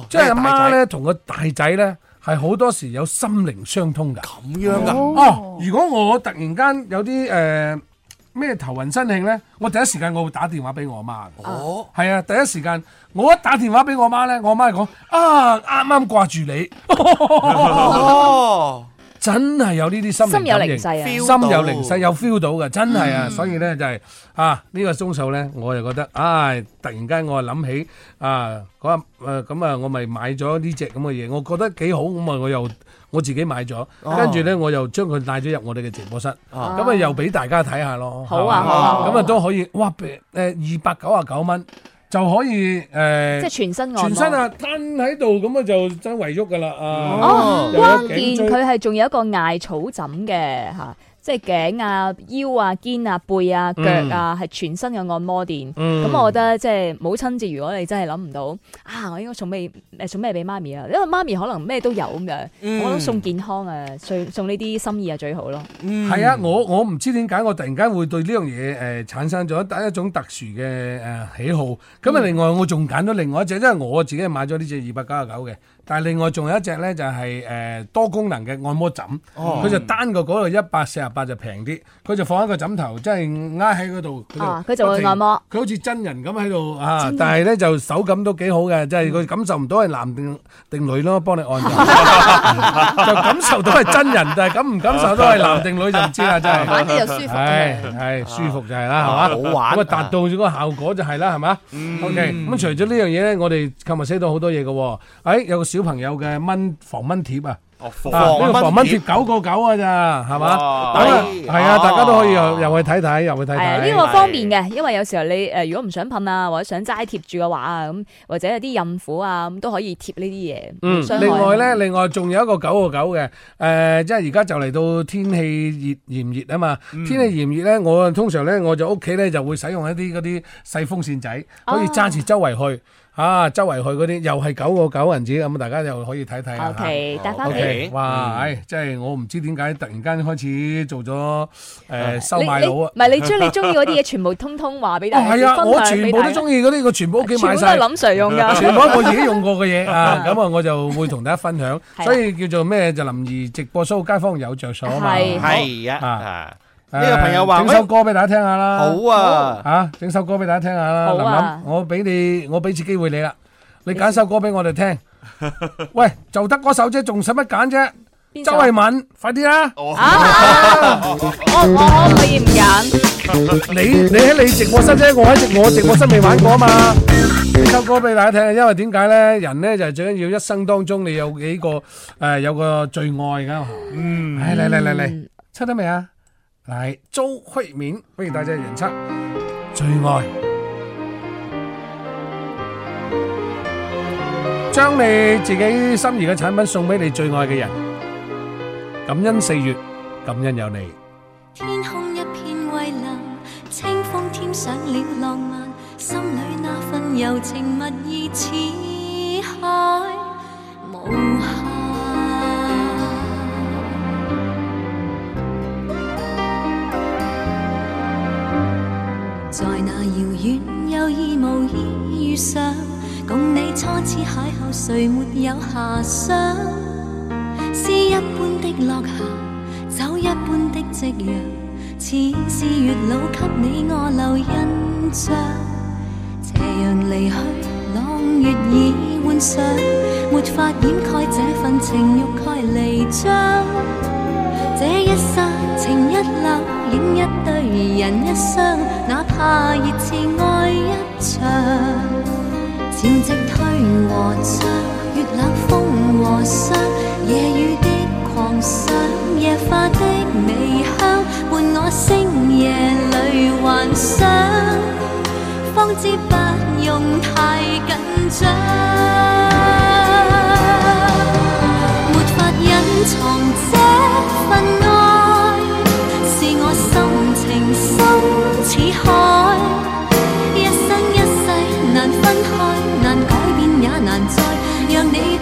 即係阿媽咧，同個大仔咧係好多時有心靈相通嘅。咁樣噶、啊、哦，哦，哦？如果我突然間有啲誒？呃咩頭暈身慶咧？我第一時間我會打電話俾我阿媽。哦、啊，係啊，第一時間我一打電話俾我阿媽咧，我阿媽講啊，啱啱掛住你，真係有呢啲心靈心有靈犀、啊、心有靈犀有 feel 到嘅，真係啊，嗯、所以咧就係、是、啊呢、這個鐘數咧，我就覺得啊、哎，突然間我就啊諗起啊嗰啊咁啊，我咪買咗呢隻咁嘅嘢，我覺得幾好咁啊，我又。我自己買咗，跟住咧我又將佢帶咗入我哋嘅直播室，咁啊又俾大家睇下咯。好啊，好啊，咁啊都可以，哇！誒二百九啊，九蚊就可以誒，呃、即係全身全身啊，攤喺度咁啊就真圍喐噶啦啊！哦、關鍵佢係仲有一個艾草枕嘅嚇。啊即係頸啊、腰啊、肩啊、背啊、腳啊，係、嗯、全身嘅按摩墊。咁、嗯、我覺得即係母親節，如果你真係諗唔到，啊，我應該送咩？誒，送咩俾媽咪啊？因為媽咪可能咩都有咁樣，嗯、我覺得送健康啊，送送呢啲心意啊，最好咯。係、嗯嗯、啊，我我唔知點解，我突然間會對呢樣嘢誒產生咗一一種特殊嘅誒喜好。咁啊，另外、嗯、我仲揀咗另外一隻，因為我自己買咗呢隻二百九十九嘅。但係另外仲有一隻咧，就係、是、誒、呃、多功能嘅按摩枕，佢、嗯、就單個嗰度一百四十八就平啲，佢就放喺個枕頭，即係挨喺嗰度。佢就、啊、就會按摩，佢好似真人咁喺度啊！但係咧就手感都幾好嘅，即係佢感受唔到係男定定女咯，幫你按 [LAUGHS] [LAUGHS] 就感受到係真人，但係感唔感受到係男定女就唔知啦，真係、 [LAUGHS] 哎哎。舒服。係舒服就係啦，係嘛玩？我、啊嗯、達到咗個效果就係啦，係嘛？OK、嗯。咁、嗯、除咗呢樣嘢咧，我哋購物車都好多嘢嘅喎。誒、哎、有。小朋友嘅蚊防蚊貼啊！啊呢個防蚊貼九個九啊，咋係嘛？咁啊係啊，大家都可以入去睇睇，入去睇睇。誒，呢個方便嘅，因為有時候你誒如果唔想噴啊，或者想齋貼住嘅話啊，咁或者有啲孕婦啊，咁都可以貼呢啲嘢。嗯，另外咧，另外仲有一個九個九嘅誒，即係而家就嚟到天氣熱炎熱啊嘛！天氣炎熱咧，我通常咧我就屋企咧就會使用一啲嗰啲細風扇仔，可以揸住周圍去。啊，周圍去嗰啲又係九個九銀紙，咁大家又可以睇睇。O K，得翻你。唉，即係我唔知點解突然間開始做咗誒收買佬啊！唔係你將你中意嗰啲嘢全部通通話俾大家。係啊，我全部都中意嗰啲，我全部都屋企買曬。全部都係林 Sir 用噶，全部我自己用過嘅嘢啊！咁啊，我就會同大家分享，所以叫做咩就林而直播，所有街坊有着數啊嘛。係係啊！呢個朋友話：整首歌俾大家聽下啦。好啊，吓，整首歌俾大家聽下啦。林林，我俾你，我俾次機會你啦。你揀首歌俾我哋聽。喂，就得嗰首啫，仲使乜揀啫？周慧敏，快啲啦！我我可唔可以唔揀。你你喺你食我身直播室啫，我喺直我直播室未玩過啊嘛。呢首歌俾大家聽，因為點解咧？人咧就係最緊要一生當中，你有幾個誒有個最愛噶。嗯，嚟嚟嚟嚟，出得未啊？來，周慧敏歡迎大家人。唱《最愛》，將你自己心儀嘅產品送俾你最愛嘅人，感恩四月，感恩有你。天空一片蔚藍，清風添上了浪漫，心裏那份柔情蜜意似。遙遠有意無意遇上，共你初次邂逅，誰沒有遐想？詩 [NOISE] 一般的落霞，酒一般的夕陽，似是月老給你我留印象。斜陽離去，朗月已換上，沒法掩蓋這份情慾蓋彌彰。這一剎情一縷，影一對人一雙，哪怕熱熾愛一場。潮汐退和漲，月冷風和霜。夜雨的狂想，夜花的微香，伴我星夜裏幻想，方知不用太緊張，沒法隱藏。一份愛，是我深情深似海，一生一世難分開，難改變，也難再讓你。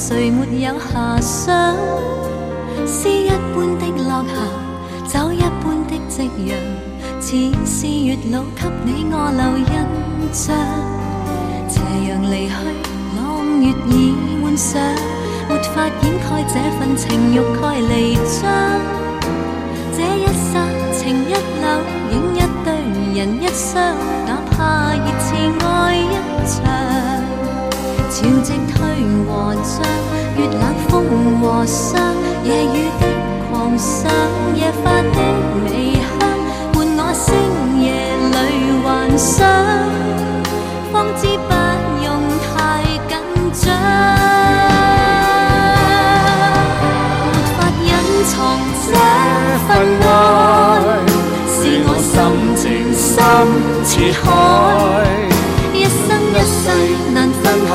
誰沒有遐想？詩一般的落霞，酒一般的夕陽，似是月老給你我留印象。斜陽離去，朗月已換上，沒法掩蓋這份情欲蓋彌彰。這一刹，情一縷，影一對，人一雙，哪怕熱熾愛一場。潮汐退和漲，月冷風和霜，夜雨的狂想，夜花的微香，伴我星夜裏幻想，方知不用太緊張，沒法隱藏這份愛，是我深情深似海，一生一世。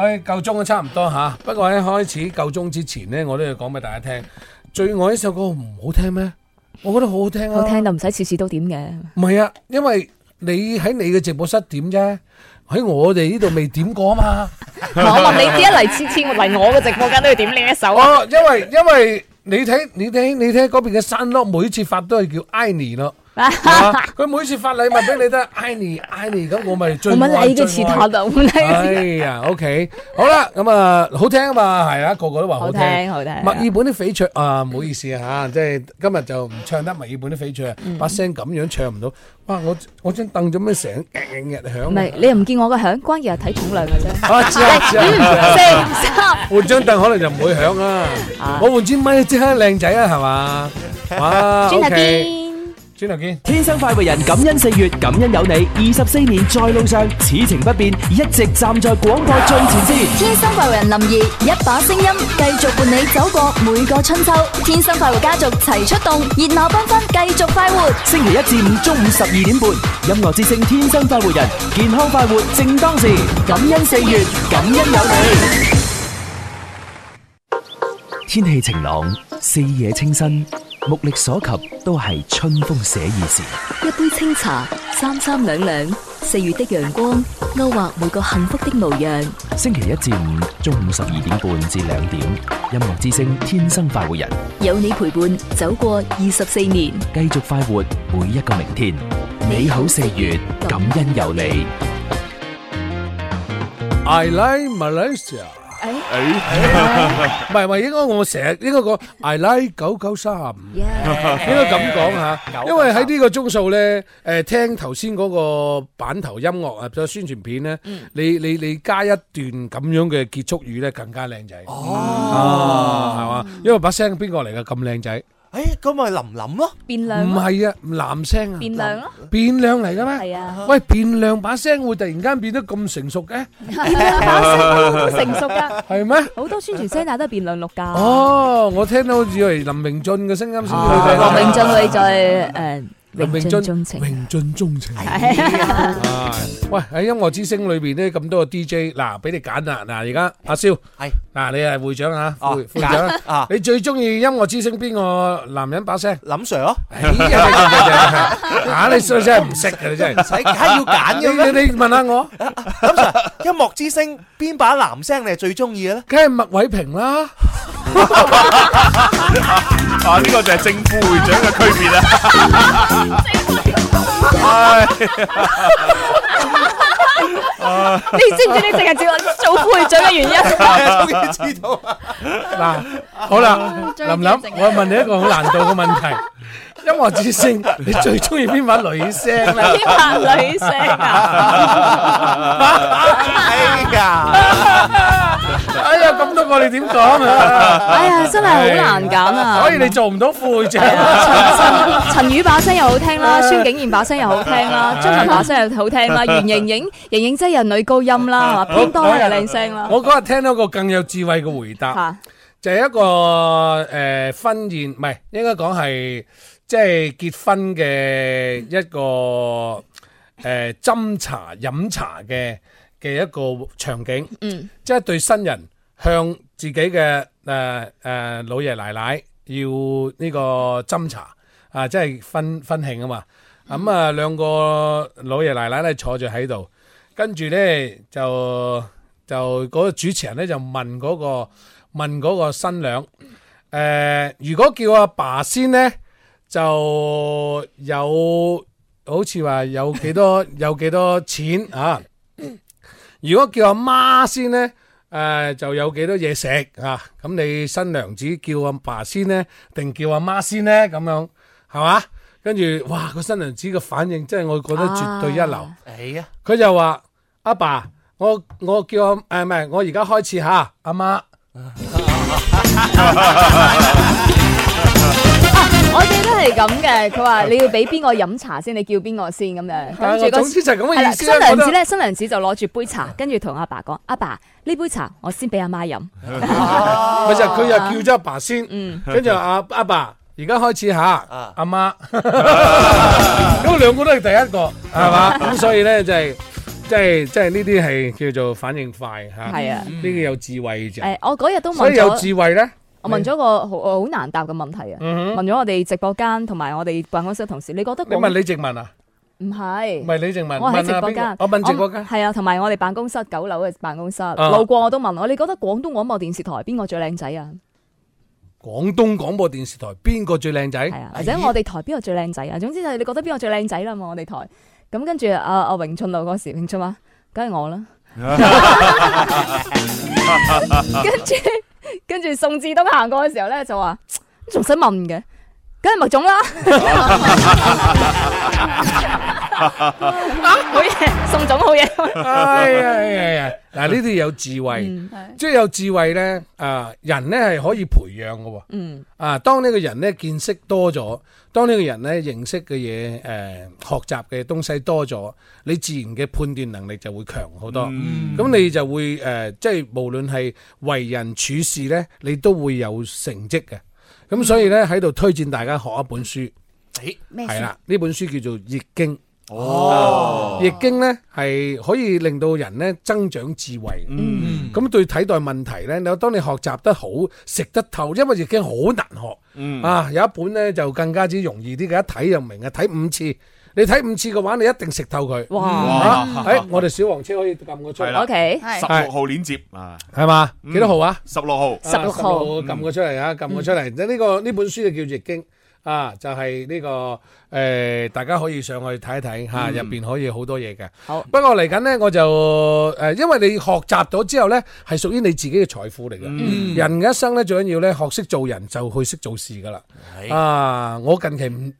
哎，夠鐘啊，差唔多吓。不過喺開始夠鐘之前咧，我都要講俾大家聽。最愛呢首歌唔好聽咩？我覺得好好聽啊。好聽就唔使次次都點嘅。唔係啊，因為你喺你嘅直播室點啫，喺我哋呢度未點過啊嘛。我話你點一嚟次次嚟我嘅直播間都要點呢一首。哦，因為因為你睇你睇你睇嗰邊嘅山碌，每次發都係叫 I 你咯。佢每次發禮物俾你都嗌你嗌你咁我咪最我最開心。哎呀，OK，好啦，咁啊，好聽啊嘛，係啊，個個都話好聽。好聽，好聽。墨爾本啲翡翠啊，唔好意思吓，即係今日就唔唱得墨爾本啲翡翠啊，把聲咁樣唱唔到。哇，我我張凳做咩成日響？唔係，你又唔見我個響，關鍵係睇重量嘅啫。啊，真係，四十三。換張凳可能就唔會響啊。我換支咪即刻靚仔啊，係嘛？哇，O K。轉頭見！天生快活人，感恩四月，感恩有你。二十四年在路上，此情不變，一直站在廣播最前線。天生快活人林怡，一把聲音繼續伴你走過每個春秋。天生快活家族齊出動，熱鬧繽紛繼續快活。星期一至五中午十二點半，音樂之聲天生快活人，健康快活正當時。感恩四月，感恩有你。天氣晴朗，四野清新。目力所及都係春風寫意時，一杯清茶，三三兩兩，四月的陽光勾畫每個幸福的模樣。星期一至五中午十二點半至兩點，音樂之聲，天生快活人，有你陪伴走過二十四年，繼續快活每一個明天，美好四月，感恩有你。I like Malaysia. 誒，唔係唔係，應該我成日應該講，I like 九九三，應該咁講吓，因為喺呢個鐘數咧，誒，聽頭先嗰個版頭音樂啊，即係宣傳片咧，你你你加一段咁樣嘅結束語咧，更加靚仔，哦，係嘛，因為把聲邊個嚟㗎？咁靚仔。誒，咁咪林林咯，變量唔係啊，男聲啊，變量咯，變量嚟噶咩？係啊，喂，變量把聲會突然間變得咁成熟嘅，變量把聲會成熟噶，係咩？好多宣傳聲帶都係變量錄噶。哦，我聽到好似以為林明俊嘅聲音先，林明俊會再誒。林明俊，明俊鍾情。喂，喺音樂之聲裏邊咧，咁多個 DJ，嗱俾你揀啦，嗱而家阿蕭，係，嗱你係會長啊，副會長，你最中意音樂之聲邊個男人把聲？林 Sir 咯，啊你真係唔識嘅你真係，梗係要揀嘅咩？你問下我，林 Sir，音樂之聲邊把男聲你係最中意嘅咧？梗係麥偉平啦。 [LAUGHS] 啊！呢、這個就係正副會長嘅區別啦。你知唔知你淨係做副會長嘅原因？我終於知道。嗱，好啦，林林， [LAUGHS] [LAUGHS] 我問你一個好難度嘅問題。 [LAUGHS] [LAUGHS] 音樂之聲，你最中意邊把女聲？邊把女聲啊？哎呀！哎呀，咁多個你點講啊？哎呀，真係好難揀啊！所以你做唔到副會長。陳陳雨把聲又好聽啦，孫景賢把聲又好聽啦，張文把聲又好聽啦，袁瑩瑩瑩瑩即係又女高音啦，邊多咧又靚聲啦。我嗰日聽到個更有智慧嘅回答，就係一個誒婚宴，唔係應該講係。即係結婚嘅一個誒斟茶飲茶嘅嘅一個場景，即係對新人向自己嘅誒誒老爺奶奶要呢個斟茶啊，即係婚婚慶啊嘛。咁啊，兩個老爺奶奶咧坐住喺度，跟住咧就就嗰個主持人咧就問嗰個問嗰個新娘誒，如果叫阿爸先咧？就有好似話有幾多 [LAUGHS] 有幾多錢啊？如果叫阿媽先呢，誒、呃、就有幾多嘢食啊？咁你新娘子叫阿爸先呢，定叫阿媽先呢？咁樣係嘛？跟住哇，個新娘子個反應真係我覺得絕對一流。係啊，佢就話阿爸，我我叫阿誒唔係，我而家開始吓阿媽。啊媽 [LAUGHS] [LAUGHS] 我記得係咁嘅，佢話你要俾邊個飲茶先？你叫邊個先咁樣？跟住個，總之就係咁嘅意思，新娘子咧，新娘子就攞住杯茶，跟住同阿爸講：阿爸，呢杯茶我先俾阿媽飲。其實佢又叫咗阿爸先，嗯，跟住阿阿爸，而家開始吓，阿媽。咁兩個都係第一個，係嘛？咁所以咧，就係即係即係呢啲係叫做反應快吓，係啊，呢個有智慧啫。誒，我嗰日都冇。所以有智慧咧。我問咗個好好難答嘅問題啊！嗯、哼問咗我哋直播間同埋我哋辦公室同事，你覺得？你問李靜文啊？唔係是，唔係李靜文，我喺、啊、直播間，我問直播間，係啊，同埋我哋辦公室九樓嘅辦公室、啊、路過我都問我，你覺得廣東廣播電視台邊個最靚仔啊？廣東廣播電視台邊個最靚仔、啊？或者我哋台邊個最靚仔啊？咦總之就係你覺得邊個最靚仔啦嘛？我哋台咁跟住阿阿榮春路嗰時，榮春話？梗係我啦，跟住。啊跟住宋志東行過嘅時候咧，就話：仲使問嘅，梗係麥總啦。啊好嘢，宋總好嘢。係啊係啊，嗱呢啲有智慧，嗯、即係有智慧呢。啊、呃，人呢係可以培養㗎。嗯。啊，當呢個人呢見識多咗，當呢個人呢認識嘅嘢，誒、呃，學習嘅東西多咗，你自然嘅判斷能力就會強好多。咁、嗯、你就會誒、呃，即係無論係為人處事呢，你都會有成績嘅。咁、嗯、所以呢，喺度推薦大家學一本書。誒、欸，係啦，呢本書叫做《易經》。哦，易經咧，係可以令到人咧增長智慧，咁對睇待問題咧，你當你學習得好，食得透，因為易經好難學，啊有一本咧就更加之容易啲嘅，一睇就明嘅，睇五次，你睇五次嘅話，你一定食透佢。哇！誒，我哋小黃車可以撳個出嚟，十六號鏈接啊，係嘛？幾多號啊？十六號，十六號，撳個出嚟啊，撳個出嚟。咁呢個呢本書就叫易經。啊，就係呢個誒，大家可以上去睇一睇吓，入邊可以好多嘢嘅。好，不過嚟緊咧，我就誒，因為你學習咗之後咧，係屬於你自己嘅財富嚟嘅。嗯，人嘅一生咧，最緊要咧，學識做人就去識做事噶啦。係啊，我近期唔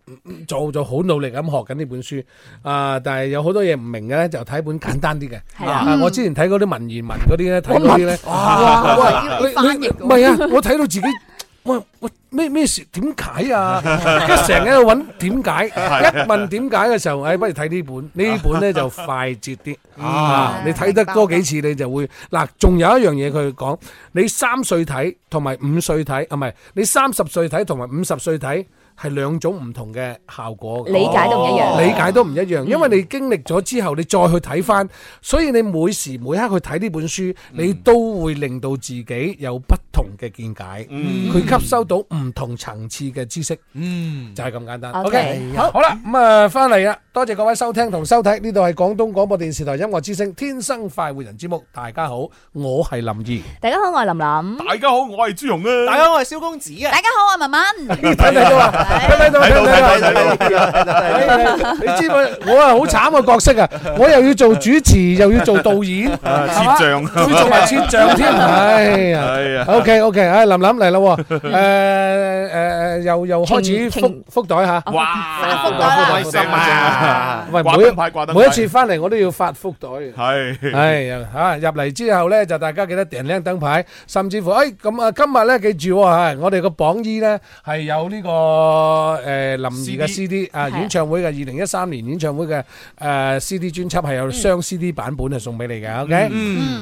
做咗好努力咁學緊呢本書。啊，但係有好多嘢唔明嘅咧，就睇本簡單啲嘅。係啊，我之前睇嗰啲文言文嗰啲咧，睇嗰啲哇，喂，你唔係啊，我睇到自己。喂喂，咩咩事？點解啊？一成日喺度揾點解， [LAUGHS] 一問點解嘅時候，哎，不如睇呢本， [LAUGHS] 本呢本咧就快捷啲 [LAUGHS] 啊！嗯、你睇得多幾次，你就會嗱。仲、嗯嗯、有一樣嘢佢講，你三歲睇同埋五歲睇，唔、啊、係你三十歲睇同埋五十歲睇。係兩種唔同嘅效果，理解都唔一樣，理解都唔一樣。因為你經歷咗之後，你再去睇翻，所以你每時每刻去睇呢本書，你都會令到自己有不同嘅見解。佢吸收到唔同層次嘅知識，就係咁簡單。OK，好啦，咁啊，翻嚟啊，多謝各位收聽同收睇，呢度係廣東廣播電視台音樂之聲《天生快活人》節目。大家好，我係林怡。大家好，我係林林。大家好，我係朱蓉啊。大家好，我係蕭公子啊。大家好，我係文文。真係啊！睇睇睇睇睇睇！你知唔知？我係好慘個角色啊！我又要做主持，又要做導演、攝像，做埋攝像添。哎呀，OK OK，哎，林林嚟啦！誒誒，又又開始福福袋吓！哇，福袋開心嘛！喂，每一派掛得，每一次翻嚟我都要發福袋。係係吓入嚟之後咧，就大家記得訂靚燈牌，甚至乎哎咁啊！今日咧，記住係我哋個榜一咧，係有呢個。個誒林怡嘅 CD 啊演唱會嘅二零一三年演唱會嘅誒 CD 專輯係有雙 CD 版本啊送俾你嘅，OK，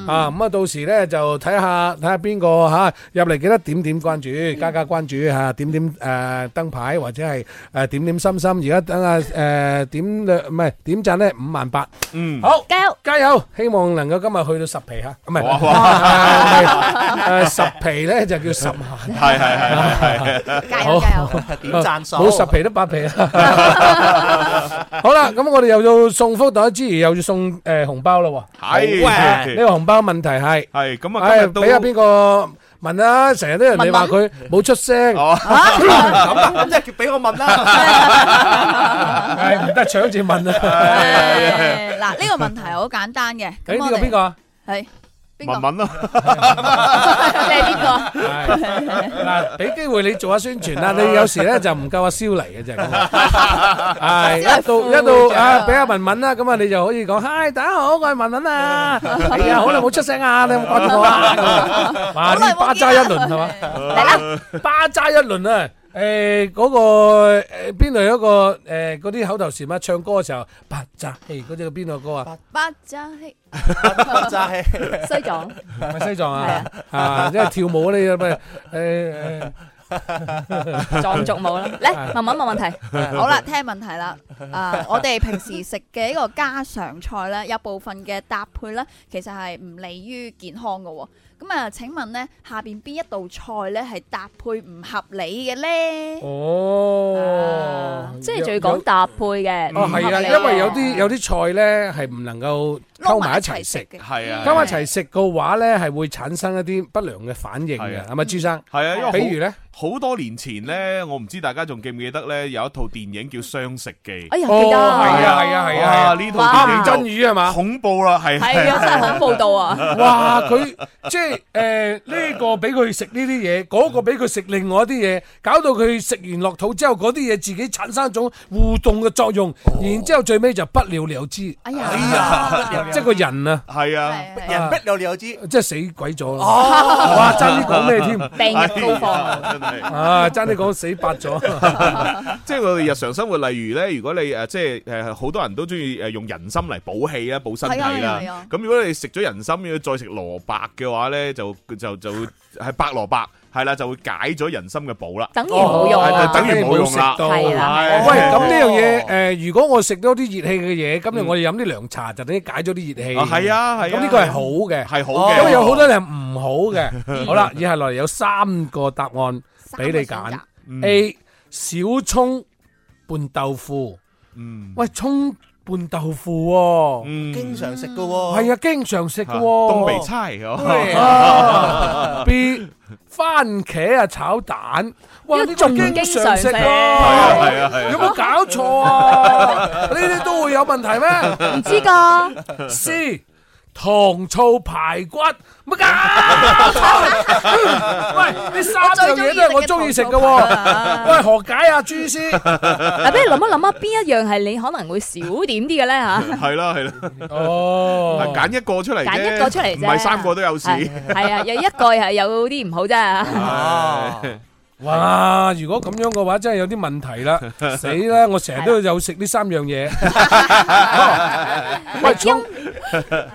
啊咁啊到時咧就睇下睇下邊個吓入嚟記得點點關注，加加關注吓，點點誒燈牌或者係誒點點心心，而家等下誒點略唔係點讚咧五萬八，嗯，好加油，加油，希望能夠今日去到十皮吓，唔係哇哇，誒十皮咧就叫十萬，係系系系，加油，加油。冇十皮都八皮啦，好啦，咁我哋又要送福袋之餘，又要送誒紅包啦，係呢個紅包問題係係咁啊，俾下邊個問啦，成日都人哋話佢冇出聲，吓咁咁即係叫俾我問啦，係唔得搶住問啊，嗱呢個問題好簡單嘅，咁呢個邊個係？文文咯，即係呢個，嗱，俾機會你做下宣傳啦。你有時咧就唔夠阿蕭嚟嘅啫，係一度一度啊，俾阿文文啦。咁啊，你就可以講，嗨，大家好，我係文文啊。係啊，好耐冇出聲啊，你有冇掛住我啊？好耐冇見，巴渣一輪係嘛？嚟啦，巴渣一輪啊！誒，嗰、欸那個誒邊度有一個誒嗰啲口頭禪嘛，唱歌嘅時候，八扎嘿，嗰隻叫邊度歌啊？八扎嘿，西藏係咪西藏啊？係 [LAUGHS] 啊，啊，即係跳舞呢個咩？誒，藏族舞啦。嚟，慢慢問 [LAUGHS] 問題， [LAUGHS] 好啦，聽問題啦。啊，我哋平時食嘅一個家常菜咧，有部分嘅搭配咧，其實係唔利於健康噶。咁啊？請問咧，下邊邊一道菜咧係搭配唔合理嘅咧？哦，啊、有即係就係講搭配嘅。哦有，係啊，啊，因為有啲有啲菜咧係唔能夠溝埋一齊食，係啊，溝埋、啊、一齊食嘅話咧係會產生一啲不良嘅反應嘅。係咪、啊、朱生？係啊，因為比如咧。好多年前咧，我唔知大家仲記唔記得咧，有一套電影叫《雙食記》。哦，記得，係啊，係啊，係啊，呢套電影真魚係咪？恐怖啦，係係啊，真係恐怖到啊！哇，佢即係誒呢個俾佢食呢啲嘢，嗰個俾佢食另外一啲嘢，搞到佢食完落肚之後，嗰啲嘢自己產生種互動嘅作用，然之後最尾就不了了之。哎呀，即係個人啊，係啊，人不了了之，即係死鬼咗啦！哇，爭啲講咩添？病入膏肓啊！啊，爭啲講死白咗，即係我哋日常生活，例如咧，如果你誒即係誒好多人都中意誒用人參嚟補氣啦、補身體啦，咁如果你食咗人參要再食蘿卜嘅話咧，就就就係白蘿卜係啦，就會解咗人參嘅補啦，等於冇用啊，等於冇用啦，係啊。喂，咁呢樣嘢誒，如果我食多啲熱氣嘅嘢，今日我哋飲啲涼茶，就等於解咗啲熱氣啊，係啊，係啊，咁呢個係好嘅，係好嘅，因為有好多嘢唔好嘅。好啦，以下落嚟有三個答案。俾你揀、嗯、A 小葱拌豆腐，嗯，喂，葱拌豆腐、啊，嗯，經常食噶喎，係啊，嗯、經常食噶喎，東北菜嚟嘅，B 番茄啊炒蛋，哇，呢種經常食嘅，係啊，係啊，有冇搞錯啊？呢啲都會有問題咩？唔知噶 C。糖醋排骨，乜、啊、咖？ [LAUGHS] 喂， [LAUGHS] 你三樣嘢都係我中意食嘅喎。啊、喂，何解啊？豬師，啊， [LAUGHS] 俾你諗一諗啊，邊一樣係你可能會少點啲嘅咧？吓 [LAUGHS] 、啊，係啦係啦，哦、啊，嗱，揀一個出嚟，揀一個出嚟啫，唔係三個都有事。係 [LAUGHS] 啊，有一個又係有啲唔好啫。 [LAUGHS] 啊哇！如果咁樣嘅話，真係有啲問題啦！死啦！我成日都有食呢三樣嘢。喂，葱，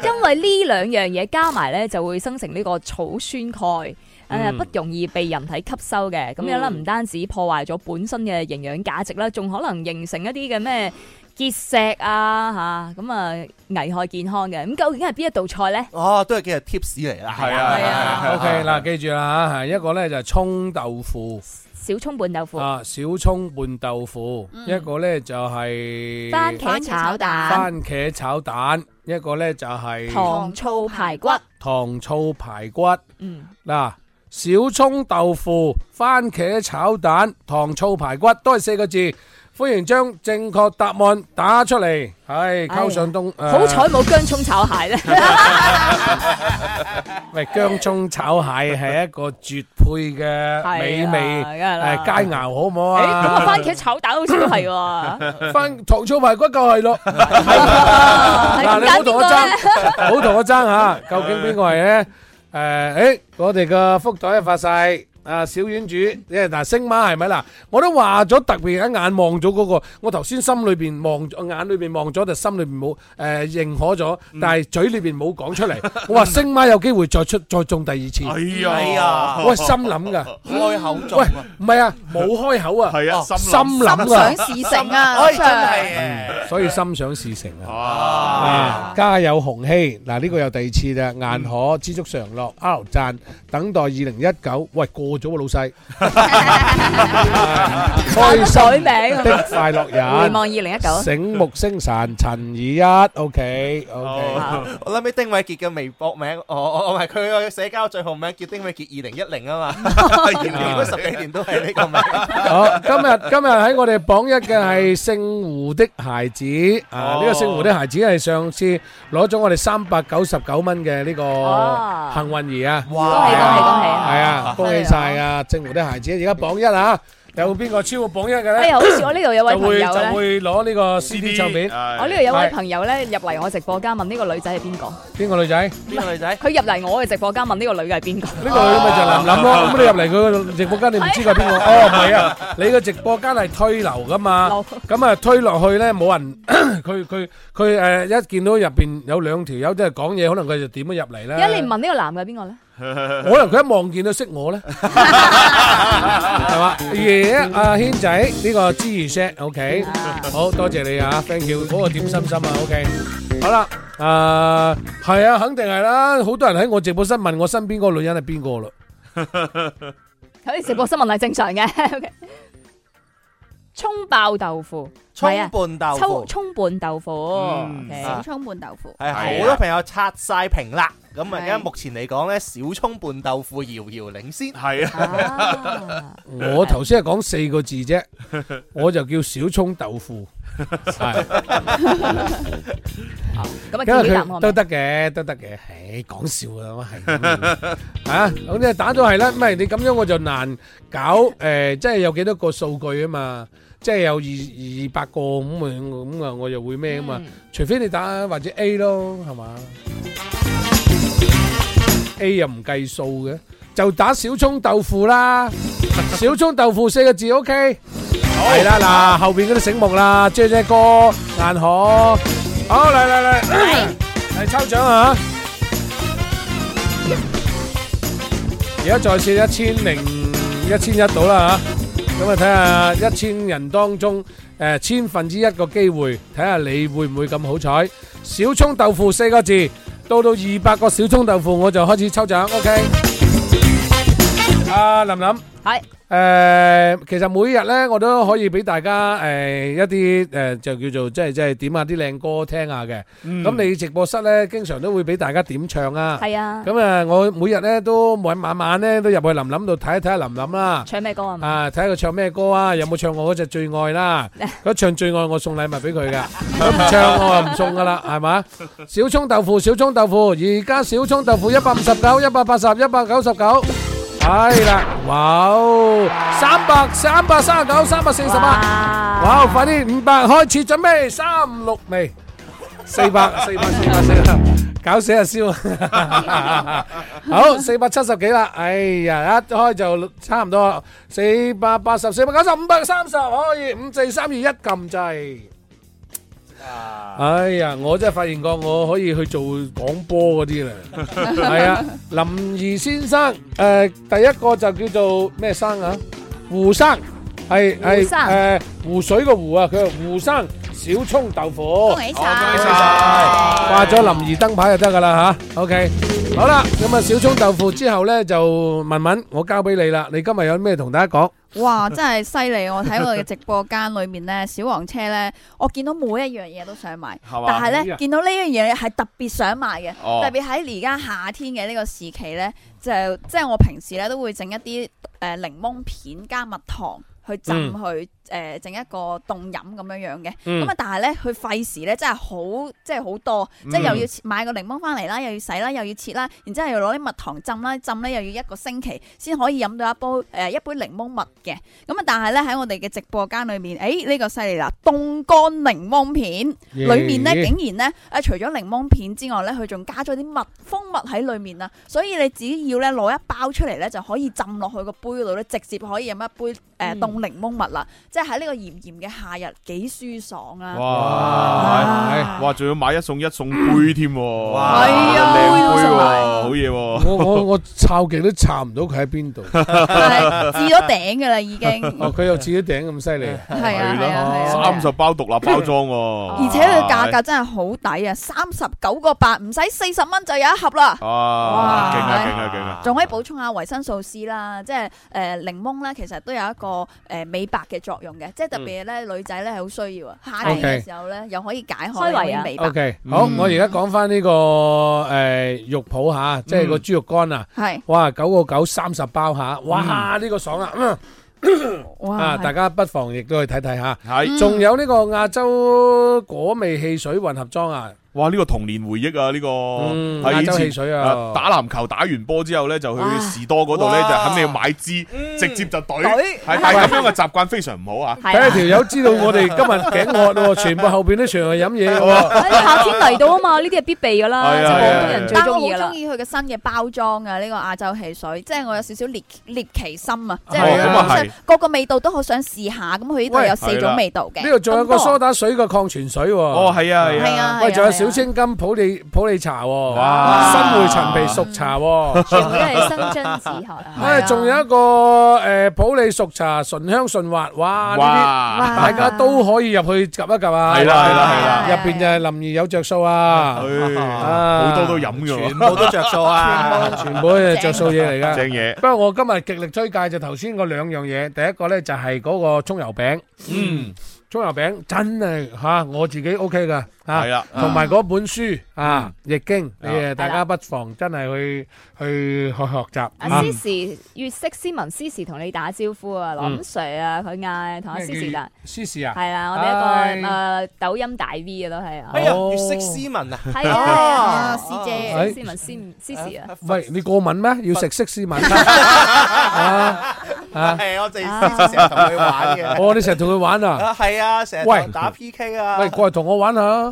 因為呢兩樣嘢加埋呢，就會生成呢個草酸鈣，誒，不容易被人體吸收嘅。咁樣咧，唔單止破壞咗本身嘅營養價值啦，仲可能形成一啲嘅咩？結石啊吓，咁啊，啊危害健康嘅，咁、啊、究竟係邊一道菜呢？哦，都係幾日 tips 嚟啦，係啊，OK 啊。嗱，記住啦，係、啊、一個呢就係蔥豆腐，小蔥拌豆腐啊，小蔥拌豆腐，嗯、一個呢就係、是、番茄炒蛋，番茄炒蛋，一個呢就係、是、糖醋排骨，糖醋排骨，嗯，嗱、啊，小蔥豆腐、番茄炒蛋、糖醋排骨，都係四個字。歡迎將正確答案打出嚟，係邱尚東。好彩冇薑蔥炒蟹咧。喂，薑蔥炒蟹係一個絕配嘅美味，係佳餚，好唔好啊？咁啊，番茄炒蛋好似都係。番糖醋排骨就係咯。嗱，你唔好同我爭，唔好同我爭吓，究竟邊個係咧？誒，我哋嘅福袋一發晒。啊，小丸主，即係嗱，星媽係咪啦？我都話咗特別一眼望咗嗰個，我頭先心裏邊望，我眼裏邊望咗，但係心裏邊冇誒認可咗，但係嘴裏邊冇講出嚟。我話星媽有機會再出再中第二次，係啊，我心諗噶，開口喂，唔係啊，冇開口啊，係啊，心諗啊，心想事成啊，真係，所以心想事成啊。家有雄希，嗱呢個又第二次啦。顏可知足常樂，阿讚等待二零一九。喂，過咗啊，老細。開心的快樂人，回望二零一九。醒目星神陳以一，OK OK。我諗起丁偉杰嘅微博名，我我係佢個社交賬號名叫丁偉杰二零一零啊嘛。原來都十幾年都係呢個名。好，今日今日喺我哋榜一嘅係姓胡的孩子啊，呢個姓胡的孩子係上次。攞咗我哋三百九十九蚊嘅呢個幸運兒啊！哇！恭喜恭喜恭喜！係啊，恭喜晒啊！政府啲孩子而家榜一啊！有邊個超過榜一嘅咧？哎呀，好似我呢度有位朋友咧，就會攞呢個 CD 唱片。我呢度有位朋友咧，入嚟我直播間問呢個女仔係邊個？邊個女仔？邊個女仔？佢入嚟我嘅直播間問呢個女嘅係邊個？呢個女咪就林林咯。咁你入嚟佢嘅直播間，你唔知佢係邊個？哦，係啊，你嘅直播間係推流噶嘛？咁啊推落去咧冇人，佢佢佢誒一見到入邊有兩條友即係講嘢，可能佢就點咗入嚟咧。而家你問呢個男嘅邊個咧？可能佢一望見都識我咧，係嘛？耶，阿軒仔呢個知如 set，OK，好多謝你啊，thank you 嗰個點心心啊，OK，好啦，誒，係啊，肯定係啦，好多人喺我直播室問我身邊嗰個女人係邊個咯，喺直播室問係正常嘅，OK。蔥爆豆腐，蔥拌豆腐，蔥蔥拌豆腐，小蔥拌豆腐，係好多朋友刷晒屏啦。咁啊，而家目前嚟講咧，小蔥拌豆腐遙遙領先。係啊，我頭先係講四個字啫，我就叫小蔥豆腐。咁啊，今日答案都得嘅，都得嘅。唉，講笑啊，咁係啊，咁即係打咗係啦。唔係你咁樣，我就難搞。誒，即係有幾多個數據啊嘛？即係有二二百個咁樣咁啊，我又會咩啊嘛？除非你打或者 A 咯，係嘛？A 又唔計數嘅，就打小葱豆腐啦。小葱豆腐四個字 OK。係啦，嗱，後邊嗰啲醒目啦，張張歌難可。好，嚟嚟嚟嚟抽獎啊！而家再試一千零一千一到啦嚇。咁啊，睇下一千人當中，誒，千分之一個機會，睇下你會唔會咁好彩？小葱豆腐四個字，到到二百個小葱豆腐，我就開始抽獎。OK，阿林林。係，誒，其實每一日咧，我都可以俾大家誒一啲誒，就叫做即係即係點下啲靚歌聽下嘅。咁你直播室咧，經常都會俾大家點唱啊。係啊。咁啊，我每日咧都晚晚晚咧都入去林林度睇一睇阿林林啦。唱咩歌啊？啊，睇下佢唱咩歌啊？有冇唱我嗰隻最愛啦？佢唱最愛我送禮物俾佢噶，佢唔唱我啊唔送噶啦，係嘛？小葱豆腐，小葱豆腐，而家小葱豆腐一百五十九，一百八十，一百九十九。係啦，哇哦，三百三百三十九，三百四十八，哇，快啲五百，開始準備，三六尾，四百四百四百四，搞死阿蕭，好四百七十幾啦，哎呀，一開就差唔多四百八十四百九十五百三十可以，五四三二一撳掣。哎呀，我真係發現過我可以去做廣播嗰啲啦，係啊、 [LAUGHS] 哎，林儀先生，誒、呃，第一個就叫做咩生啊？湖生，係係，誒，湖水個湖啊，佢係湖生。小蔥豆腐，掛咗林兒燈牌就得噶啦吓。OK，好啦，咁啊小蔥豆腐之後咧就文文，我交俾你啦。你今日有咩同大家講？哇，真係犀利！我睇我嘅直播間裏面咧，小黃車咧，我見到每一樣嘢都想買，但係咧見到呢樣嘢係特別想買嘅，特別喺而家夏天嘅呢個時期咧，就即係我平時咧都會整一啲誒檸檬片加蜜糖去浸去。誒整、呃、一個凍飲咁樣樣嘅，咁啊但係咧，佢費事咧，真係好，即係好多，嗯、即係又要切買個檸檬翻嚟啦，又要洗啦，又要切啦，然之後又攞啲蜜糖浸啦，浸咧又要一個星期先可以飲到一杯誒、呃、一杯檸檬蜜嘅。咁啊，但係咧喺我哋嘅直播間裏面，誒呢、這個犀利啦！凍乾檸檬片裏面咧，耶 竟然咧誒除咗檸檬片之外咧，佢仲加咗啲蜜蜂蜜喺裡面啊！所以你只要咧攞一包出嚟咧，就可以浸落去個杯度咧，直接可以飲一杯誒凍、呃、檸檬蜜啦，即係。喺呢個炎炎嘅夏日，幾舒爽啊！哇！哇！仲要買一送一送杯添，係啊，靚杯喎，好嘢！我我我抄極都抄唔到佢喺邊度，係置咗頂噶啦，已經。哦，佢又置咗頂咁犀利，係啊，係啊，三十包獨立包裝，而且佢價格真係好抵啊，三十九個八唔使四十蚊就有一盒啦！哇，勁啊勁啊勁啊！仲可以補充下維生素 C 啦，即係誒檸檬咧，其實都有一個誒美白嘅作用。用嘅，即係特別咧，女仔咧係好需要啊。夏天嘅時候咧，又可以解開你嘅眉白。O K，好，我而家講翻呢個誒肉脯吓，即係個豬肉乾啊。係哇，九個九三十包吓，哇，呢個爽啊！哇，大家不妨亦都去睇睇吓。係，仲有呢個亞洲果味汽水混合裝啊。哇！呢個童年回憶啊，呢個亞洲汽水啊，打籃球打完波之後咧，就去士多嗰度咧，就肯定要買支，直接就懟。係係咁樣嘅習慣非常唔好啊！睇下條友知道我哋今日頸渴咯，全部後邊都全部飲嘢。夏天嚟到啊嘛，呢啲係必備噶啦，廣東人最中意啦。但我好中意佢嘅新嘅包裝啊，呢個亞洲汽水，即係我有少少獵奇心啊，即係即係個個味道都好想試下。咁佢呢度有四種味道嘅。呢度仲有個梳打水個礦泉水。哦，係啊，係啊，小青柑普洱普洱茶，哇，新會陳皮熟茶，全部都係生津止渴。哎，仲有一個誒普洱熟茶，醇香順滑，哇！哇！大家都可以入去夾一夾啊！係啦係啦係啦，入邊就係林怡有着數啊！好多都飲嘅，全部都着數啊！全部都係着數嘢嚟噶，正嘢。不過我今日極力推介就頭先嗰兩樣嘢，第一個咧就係嗰個蔥油餅，嗯，蔥油餅真係嚇我自己 OK 噶。係啦，同埋嗰本書啊《易經》，誒，大家不妨真係去去學學習。思時月色斯文，思時同你打招呼啊，林 Sir 啊，佢嗌同阿思時啊，思時啊，係啦，我哋一個誒抖音大 V 啊，都係啊。哎呀，月色斯文啊，係啊，詩姐，斯文斯思時啊。喂，你過敏咩？要食色斯文。係我哋成日同佢玩嘅。哦，你成日同佢玩啊？係啊，成日打 P K 啊。喂，過嚟同我玩啊！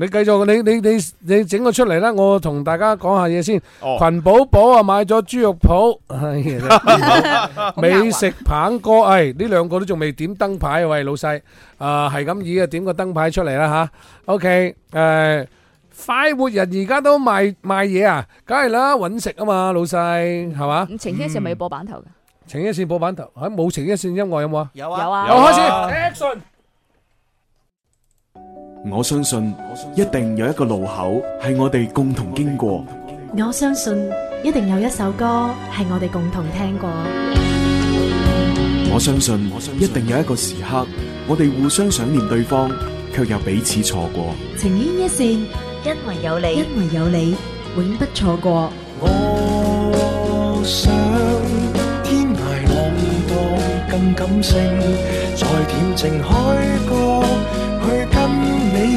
你繼續，你你你你整個出嚟啦！我同大家講下嘢先。群寶寶啊，買咗豬肉鋪。美食棒哥，哎，呢兩個都仲未點燈牌啊！喂，老細，啊，係咁意啊！點個燈牌出嚟啦吓。OK，誒，快活人而家都賣賣嘢啊，梗係啦，揾食啊嘛，老細係嘛？情一線係咪要播版頭噶？情一線播版頭，喺冇情一線音樂有冇啊？有啊，有啊，有開始，Action！我相信一定有一個路口係我哋共同經過。我相信一定有一首歌係我哋共同聽過。我相信一定有一個時刻我哋互相想念對方，卻又彼此錯過。情牽一線，因為有你，因為有你，永不錯過。我想天涯浪蕩更感性，在恬靜海邊。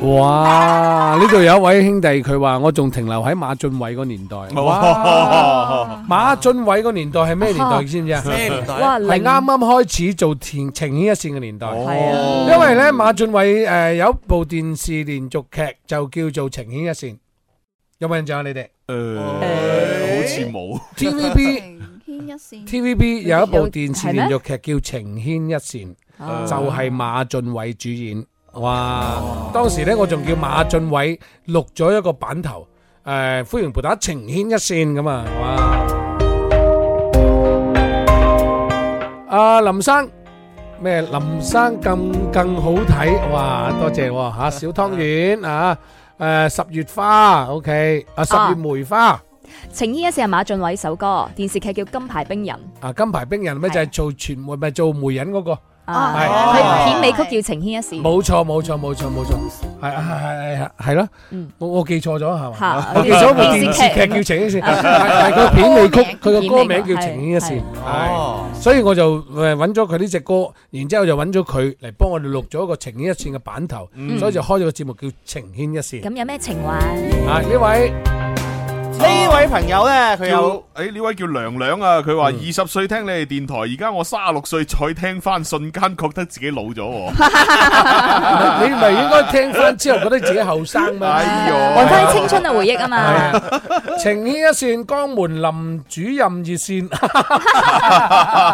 哇！呢度有一位兄弟，佢話我仲停留喺馬浚偉個年代。哇！馬浚偉個年代係咩年代知唔知啊，係啱啱開始做情情牽一線嘅年代。因為呢，馬浚偉誒有一部電視連續劇就叫做《情牽一線》，有冇印象你哋？誒，好似冇。T V B《情牽一線》一 T V B 有一部電視連續劇叫《情牽一線》，就係馬浚偉主演。哇！當時咧，我仲叫馬俊偉錄咗一個版頭，誒，歡迎撥打情牽一線咁啊！哇！阿林生咩？林生咁更好睇哇！多謝吓，小湯圓啊，誒，十月花，OK，阿十月梅花情牽一線係馬俊偉首歌，電視劇叫金牌冰人啊！金牌冰人咩？就係做傳媒，咪做媒人嗰個。啊！係，佢片尾曲叫《情牽一線》。冇錯，冇錯，冇錯，冇錯，係，係，係，係，係咯。嗯，我我記錯咗係嘛？記咗電視劇叫《情牽一線》，但係佢片尾曲，佢個歌名叫《情牽一線》。係。所以我就誒搵咗佢呢隻歌，然之後就搵咗佢嚟幫我哋錄咗一個《情牽一線》嘅版頭，所以就開咗個節目叫《情牽一線》。咁有咩情懷？啊呢位。呢位朋友呢，佢有誒呢、哎、位叫娘娘啊，佢話二十歲聽你哋電台，而家、嗯、我三十六歲再聽翻，瞬間覺得自己老咗。 [LAUGHS] [LAUGHS] 你唔係應該聽翻之後覺得自己後生嘛？還翻青春嘅回憶啊嘛！晴軒一線江門林主任熱線， [LAUGHS]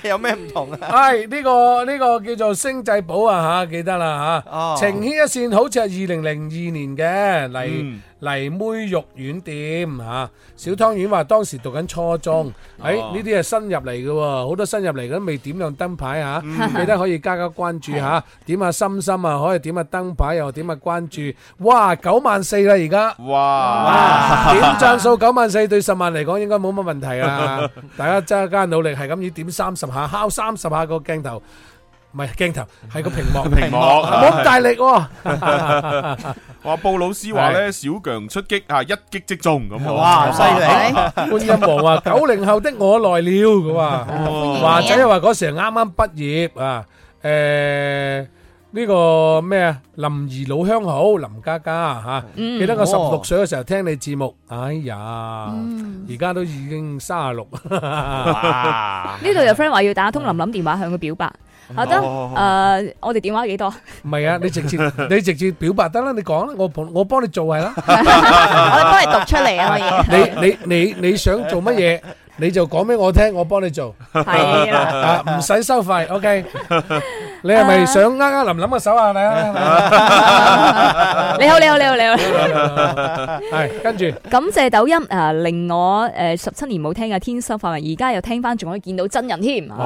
[LAUGHS] 有咩唔同啊？係呢、哎這個呢、這個叫做星際寶啊吓、啊，記得啦吓。晴、啊、軒、啊、一線好似係二零零二年嘅嚟。泥妹肉丸店吓，小湯圓話當時讀緊初中，誒呢啲係新入嚟嘅，好多新入嚟嘅都未點亮燈牌吓，記得可以加加關注吓，點下心心啊，可以點下燈牌又點下關注，哇九萬四啦而家，哇點讚數九萬四對十萬嚟講應該冇乜問題啊，大家加加努力係咁要點三十下，敲三十下個鏡頭。唔係鏡頭，係個屏幕。屏幕唔好大力。話布老師話咧，小強出擊啊，一擊即中咁。哇，犀利！觀音王話九零後的我來了，佢話，話即係話嗰時啱啱畢業啊。誒，呢個咩啊？林兒老鄉好，林嘉嘉吓，記得我十六歲嘅時候聽你節目，哎呀，而家都已經三啊六。呢度有 friend 話要打通林林電話向佢表白。好，誒、嗯，呃、我哋電話幾多？唔係啊， [LAUGHS] 你直接你直接表白得啦，你講啦，我我幫你做係啦，我哋幫你讀出嚟啊，可以，你你你你想做乜嘢？你就講俾我聽，我幫你做，係啊，唔使收費，OK。你係咪想握握林林嘅手啊？係咪啊？你好，你好，你好，你好。係跟住，感謝抖音啊，令我誒十七年冇聽嘅天生發明，而家又聽翻，仲可以見到真人添。哇，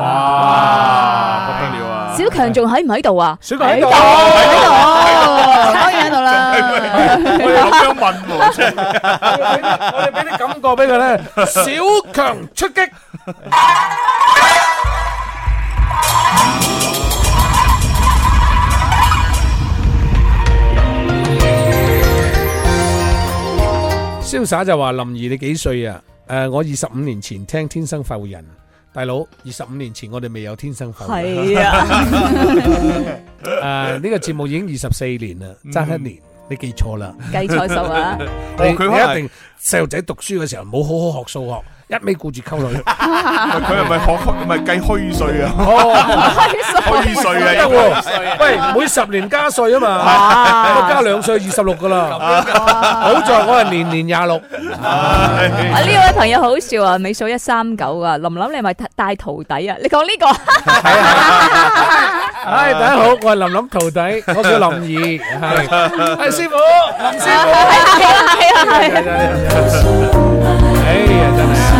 不得了啊！小強仲喺唔喺度啊？小強喺度，喺度，當然喺度啦。我哋咁樣問佢，我哋俾啲感覺俾佢咧，小強。出擊！瀟灑就話林怡你幾歲啊？誒，我二十五年前聽天生廢物人，大佬，二十五年前我哋未有天生廢物。係啊！誒，呢個節目已經二十四年啦，差一年，你記錯啦？計錯數啊！佢一定細路仔讀書嘅時候冇好好學數學。一味顧住溝女，佢係咪學唔係計虛歲啊？虛歲，虛歲啊，得喎！喂，每十年加歲啊嘛，我加兩歲，二十六噶啦。好在我係年年廿六。啊！呢位朋友好笑啊，尾數一三九啊，林林你係咪帶徒弟啊？你講呢個？誒大家好，我係林林徒弟，我叫林兒。係師傅，師傅，係啊係啊！哎呀，真係～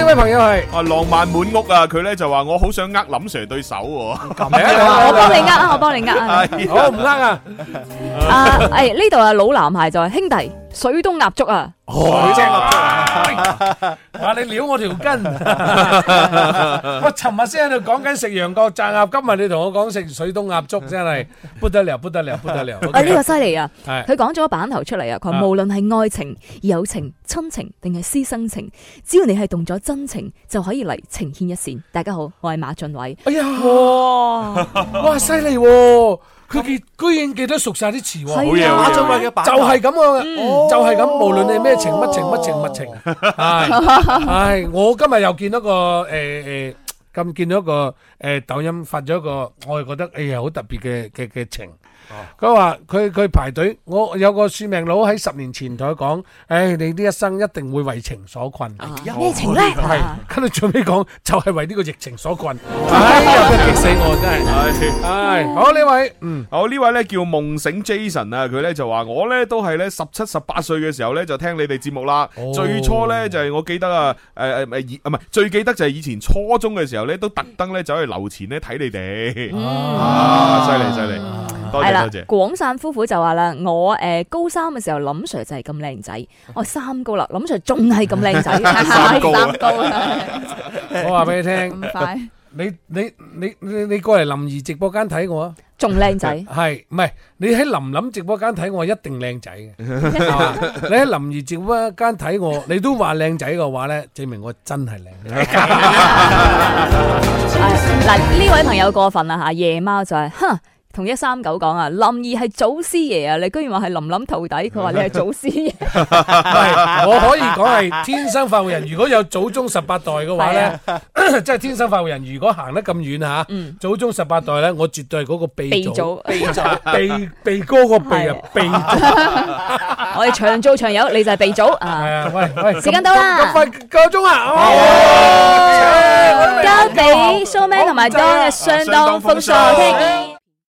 呢位朋友係啊，浪漫滿屋啊！佢咧就話：我好想握林 Sir 對手喎。咁啊，我幫你握啊，我幫你握啊。我唔握啊？啊誒，呢度啊老男孩就係兄弟水東鴨粥啊！哦，你真係啊！啊，你撩我條筋！我尋日先喺度講緊食羊角炸鴨，今日你同我講食水東鴨粥，真係不得了，不得了，不得了！啊，呢個犀利啊！佢講咗板頭出嚟啊！佢無論係愛情、友情、親情定係師生情，只要你係動咗。真情就可以嚟呈現一線。大家好，我係馬俊偉。哎呀，哇，犀利！佢哋居然記得熟晒啲詞。係啊。啊害馬俊偉嘅版就係咁樣，啊嗯，就係咁。哦，無論你咩情，乜情，乜情，乜情。係、哎、係、哎，我今日又見到個誒誒，咁、欸、見到個誒、欸、抖音發咗一個，我係覺得哎呀好特別嘅嘅嘅情。佢話佢佢，排隊，我有個算命佬喺十年前同佢講，誒，你呢一生一定會為情所困。咩情咧？係，跟住最尾講就係為呢個疫情所困。哎呀，激死我真係！係，好呢位，嗯，好呢位咧叫夢醒 Jason 啊，佢咧就話我咧都係咧十七十八歲嘅時候咧就聽你哋節目啦。最初咧就係我記得啊，誒誒誒，以啊唔係最記得就係以前初中嘅時候咧都特登咧走去樓前咧睇你哋。啊，犀利犀利，多謝。廣汕夫婦就話啦，我誒高三嘅時候林 Sir 就係咁靚仔，我三高啦，林 Sir 仲係咁靚仔，三高，我話俾你聽，你你你你你過嚟林兒直播間睇我，仲靚仔，係唔係？你喺林林直播間睇我一定靚仔嘅，你喺林兒直播間睇我，你都話靚仔嘅話咧，證明我真係靚。嗱呢位朋友過分啦吓，夜貓就係哼。同一三九講啊，林二係祖師爺啊，你居然話係林林徒弟，佢話你係祖師爺。唔係，我可以講係天生發育人。如果有祖宗十八代嘅話咧，即係天生發育人。如果行得咁遠吓，祖宗十八代咧，我絕對係嗰個鼻祖。鼻祖，鼻鼻哥個鼻啊，鼻祖。我哋長做長有，你就係鼻祖。係啊，喂喂，時間到啦，快夠鐘啊！交俾蘇明同埋當日相當豐碩添。